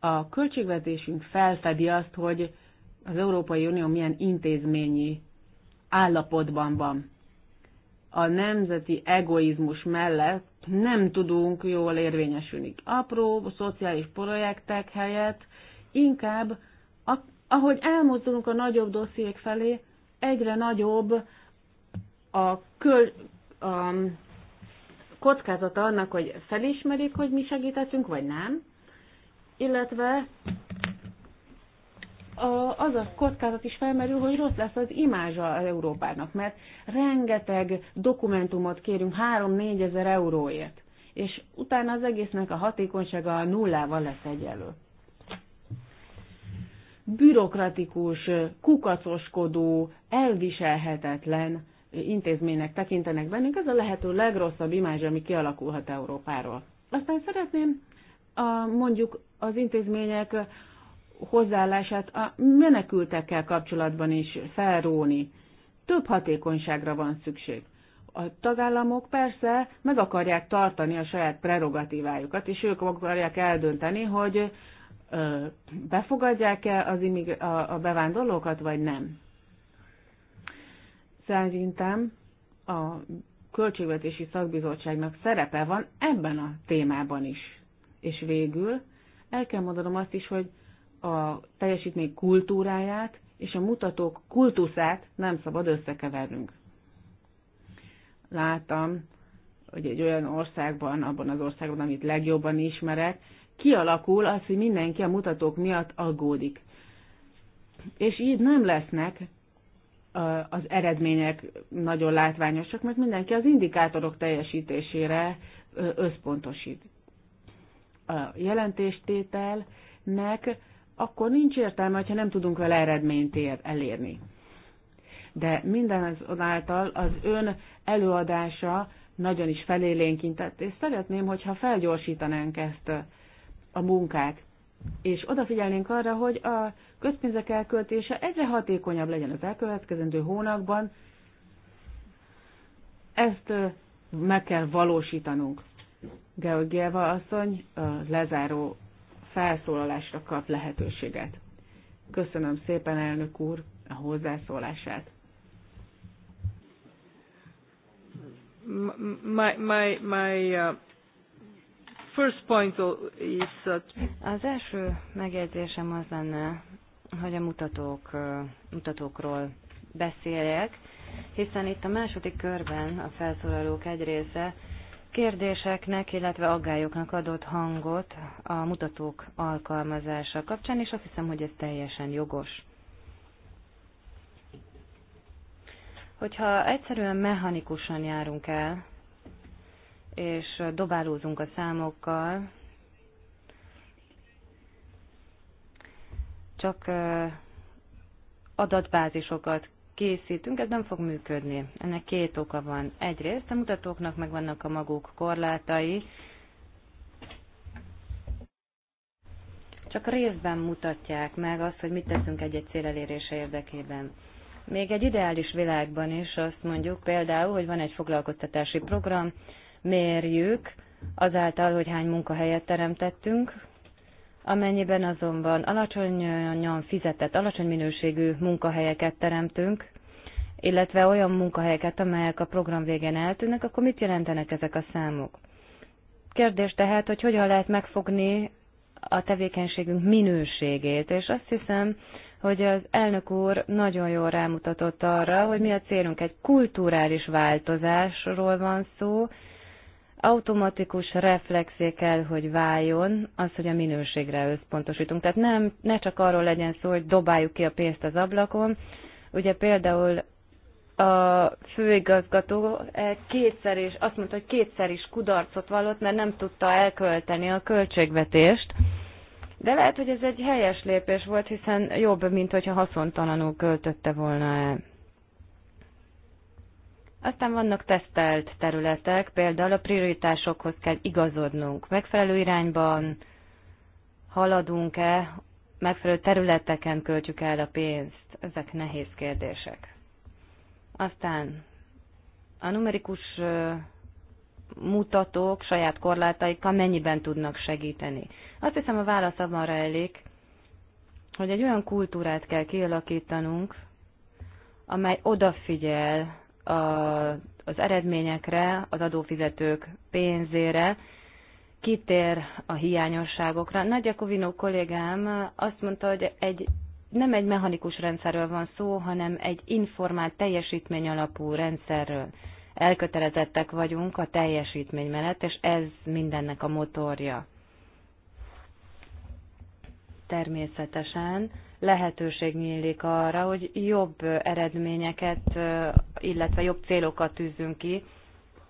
A költségvetésünk felfedi azt, hogy az Európai Unió milyen intézményi állapotban van. A nemzeti egoizmus mellett nem tudunk jól érvényesülni. Apró szociális projektek helyett inkább, ahogy elmozdulunk a nagyobb dossziék felé, egyre nagyobb a, köl, a kockázata annak, hogy felismerik, hogy mi segítettünk, vagy nem, illetve a, az a kockázat is felmerül, hogy rossz lesz az imázsa az Európának, mert rengeteg dokumentumot kérünk 3-4 ezer euróért, és utána az egésznek a hatékonysága a nullával lesz egyelő. Bürokratikus, kukacoskodó, elviselhetetlen intézménynek tekintenek bennünk, ez a lehető legrosszabb imázs, ami kialakulhat Európáról. Aztán szeretném a, mondjuk az intézmények hozzáállását a menekültekkel kapcsolatban is felróni. Több hatékonyságra van szükség. A tagállamok persze meg akarják tartani a saját prerogatívájukat, és ők akarják eldönteni, hogy befogadják-e az imig a, a bevándorlókat, vagy nem. Szerintem a Költségvetési Szakbizottságnak szerepe van ebben a témában is. És végül el kell mondanom azt is, hogy a teljesítmény kultúráját és a mutatók kultuszát nem szabad összekeverünk. Láttam, hogy egy olyan országban, abban az országban, amit legjobban ismerek, kialakul az, hogy mindenki a mutatók miatt aggódik. És így nem lesznek az eredmények nagyon látványosak, mert mindenki az indikátorok teljesítésére összpontosít. A jelentéstételnek akkor nincs értelme, hogyha nem tudunk vele eredményt ér, elérni. De minden azonáltal az ön előadása nagyon is felélénkintett, és szeretném, hogyha felgyorsítanánk ezt a munkát, és odafigyelnénk arra, hogy a közpénzek elköltése egyre hatékonyabb legyen az elkövetkezendő hónapban, ezt meg kell valósítanunk. Georgieva asszony a lezáró felszólalásra kap lehetőséget. Köszönöm szépen, elnök úr, a hozzászólását. My, my, my, uh... First point is that... Az első megjegyzésem az lenne, hogy a mutatók, uh, mutatókról beszéljek, hiszen itt a második körben a felszólalók egy része kérdéseknek, illetve aggályoknak adott hangot a mutatók alkalmazása kapcsán, és azt hiszem, hogy ez teljesen jogos. Hogyha egyszerűen mechanikusan járunk el, és dobálózunk a számokkal, csak adatbázisokat készítünk, ez nem fog működni. Ennek két oka van. Egyrészt a mutatóknak megvannak a maguk korlátai, csak részben mutatják meg azt, hogy mit teszünk egy-egy cél elérése érdekében. Még egy ideális világban is azt mondjuk például, hogy van egy foglalkoztatási program, mérjük azáltal, hogy hány munkahelyet teremtettünk, Amennyiben azonban alacsonyan fizetett, alacsony minőségű munkahelyeket teremtünk, illetve olyan munkahelyeket, amelyek a program végén eltűnnek, akkor mit jelentenek ezek a számok? Kérdés tehát, hogy hogyan lehet megfogni a tevékenységünk minőségét, és azt hiszem, hogy az elnök úr nagyon jól rámutatott arra, hogy mi a célunk. Egy kulturális változásról van szó, automatikus reflexé kell, hogy váljon az, hogy a minőségre összpontosítunk. Tehát nem, ne csak arról legyen szó, hogy dobáljuk ki a pénzt az ablakon. Ugye például a főigazgató eh, kétszer is, azt mondta, hogy kétszer is kudarcot vallott, mert nem tudta elkölteni a költségvetést. De lehet, hogy ez egy helyes lépés volt, hiszen jobb, mint hogyha haszontalanul költötte volna el. Aztán vannak tesztelt területek, például a prioritásokhoz kell igazodnunk. Megfelelő irányban haladunk-e, megfelelő területeken költjük el a pénzt? Ezek nehéz kérdések. Aztán a numerikus mutatók saját korlátaikkal mennyiben tudnak segíteni. Azt hiszem a válasz abban rejlik, hogy egy olyan kultúrát kell kialakítanunk, amely odafigyel az eredményekre, az adófizetők pénzére, kitér a hiányosságokra. Nagy Jakovino kollégám azt mondta, hogy egy, nem egy mechanikus rendszerről van szó, hanem egy informált teljesítmény alapú rendszerről. Elkötelezettek vagyunk a teljesítmény mellett, és ez mindennek a motorja. Természetesen lehetőség nyílik arra, hogy jobb eredményeket, illetve jobb célokat tűzünk ki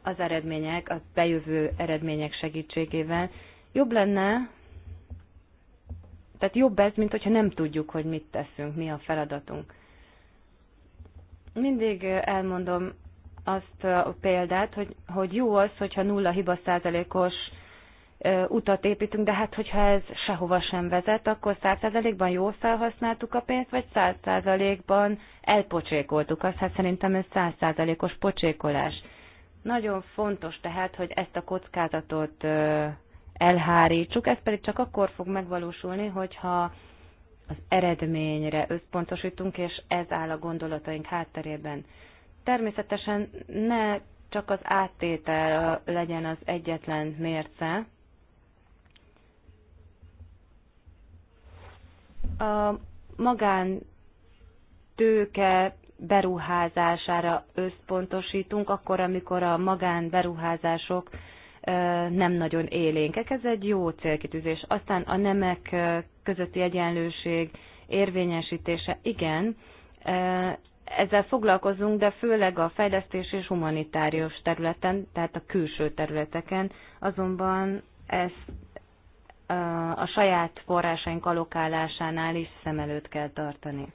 az eredmények, a bejövő eredmények segítségével. Jobb lenne, tehát jobb ez, mint hogyha nem tudjuk, hogy mit teszünk, mi a feladatunk. Mindig elmondom azt a példát, hogy, hogy jó az, hogyha nulla hiba százalékos utat építünk, de hát hogyha ez sehova sem vezet, akkor 100%-ban jól felhasználtuk a pénzt, vagy 100%-ban elpocsékoltuk azt, hát szerintem ez 100%-os pocsékolás. Nagyon fontos tehát, hogy ezt a kockázatot elhárítsuk, ez pedig csak akkor fog megvalósulni, hogyha az eredményre összpontosítunk, és ez áll a gondolataink hátterében. Természetesen ne csak az áttétel legyen az egyetlen mérce, a magán tőke beruházására összpontosítunk, akkor, amikor a magán beruházások nem nagyon élénkek. Ez egy jó célkitűzés. Aztán a nemek közötti egyenlőség érvényesítése, igen, ezzel foglalkozunk, de főleg a fejlesztés és humanitárius területen, tehát a külső területeken, azonban ezt a saját forrásaink alokálásánál is szem előtt kell tartani.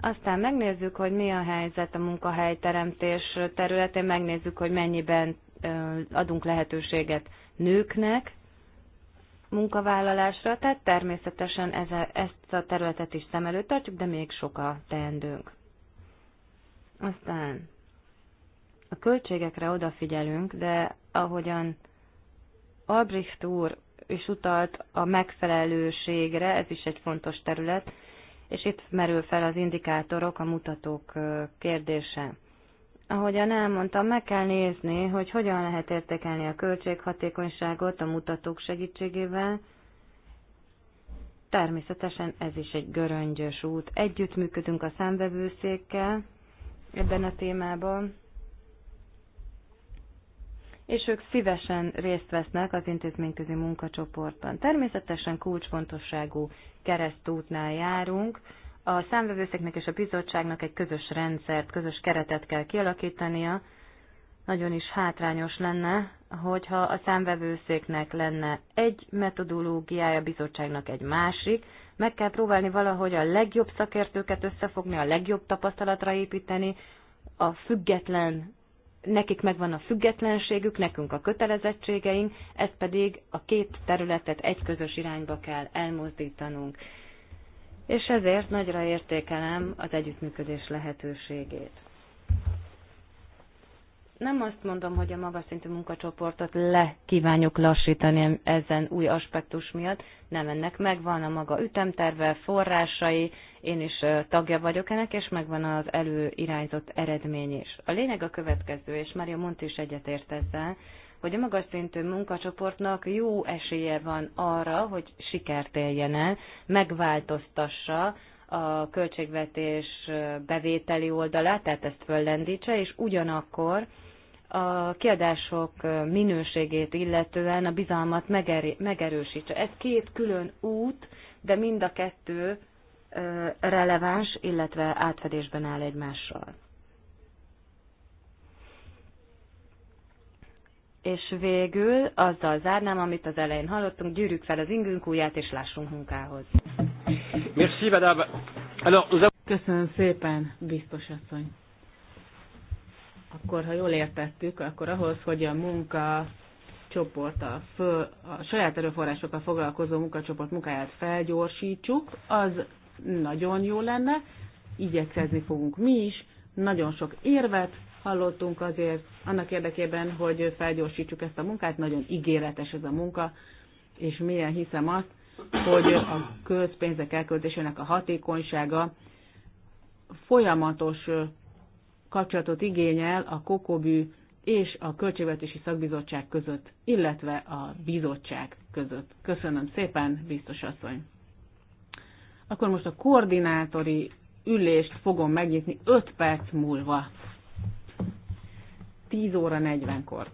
Aztán megnézzük, hogy mi a helyzet a munkahelyteremtés területén, megnézzük, hogy mennyiben adunk lehetőséget nőknek munkavállalásra, tehát természetesen ezt a területet is szem előtt tartjuk, de még sok a teendőnk. Aztán a költségekre odafigyelünk, de ahogyan Albrecht úr is utalt a megfelelőségre, ez is egy fontos terület, és itt merül fel az indikátorok, a mutatók kérdése. Ahogyan elmondtam, meg kell nézni, hogy hogyan lehet értékelni a költséghatékonyságot a mutatók segítségével. Természetesen ez is egy göröngyös út. Együttműködünk a számbevőszékkel ebben a témában és ők szívesen részt vesznek az intézményközi munkacsoportban. Természetesen kulcsfontosságú keresztútnál járunk. A számvevőszeknek és a bizottságnak egy közös rendszert, közös keretet kell kialakítania. Nagyon is hátrányos lenne, hogyha a számvevőszéknek lenne egy metodológiája, a bizottságnak egy másik. Meg kell próbálni valahogy a legjobb szakértőket összefogni, a legjobb tapasztalatra építeni, a független nekik megvan a függetlenségük, nekünk a kötelezettségeink, ezt pedig a két területet egy közös irányba kell elmozdítanunk. És ezért nagyra értékelem az együttműködés lehetőségét. Nem azt mondom, hogy a magas szintű munkacsoportot le kívánjuk lassítani ezen új aspektus miatt, nem ennek megvan a maga ütemterve, forrásai, én is tagja vagyok ennek, és megvan az előirányzott eredmény is. A lényeg a következő, és Mária Mont is egyetért ezzel, hogy a magas szintű munkacsoportnak jó esélye van arra, hogy sikert éljen el, megváltoztassa a költségvetés bevételi oldalát, tehát ezt föllendítse, és ugyanakkor a kiadások minőségét illetően a bizalmat megerősítse. Ez két külön út, de mind a kettő releváns, illetve átfedésben áll egymással. És végül azzal zárnám, amit az elején hallottunk, gyűrjük fel az ingünk ujját, és lássunk munkához. Köszönöm szépen, biztos asszony. Akkor, ha jól értettük, akkor ahhoz, hogy a munka csoport, a, föl, a saját erőforrásokkal foglalkozó munkacsoport munkáját felgyorsítsuk, az nagyon jó lenne, igyekezni fogunk mi is, nagyon sok érvet hallottunk azért, annak érdekében, hogy felgyorsítsuk ezt a munkát, nagyon ígéretes ez a munka, és milyen hiszem azt, hogy a közpénzek elköltésének a hatékonysága folyamatos kapcsolatot igényel a kokobű és a Költségvetési Szakbizottság között, illetve a bizottság között. Köszönöm szépen, biztos asszony! akkor most a koordinátori ülést fogom megnyitni 5 perc múlva. 10 óra 40-kor.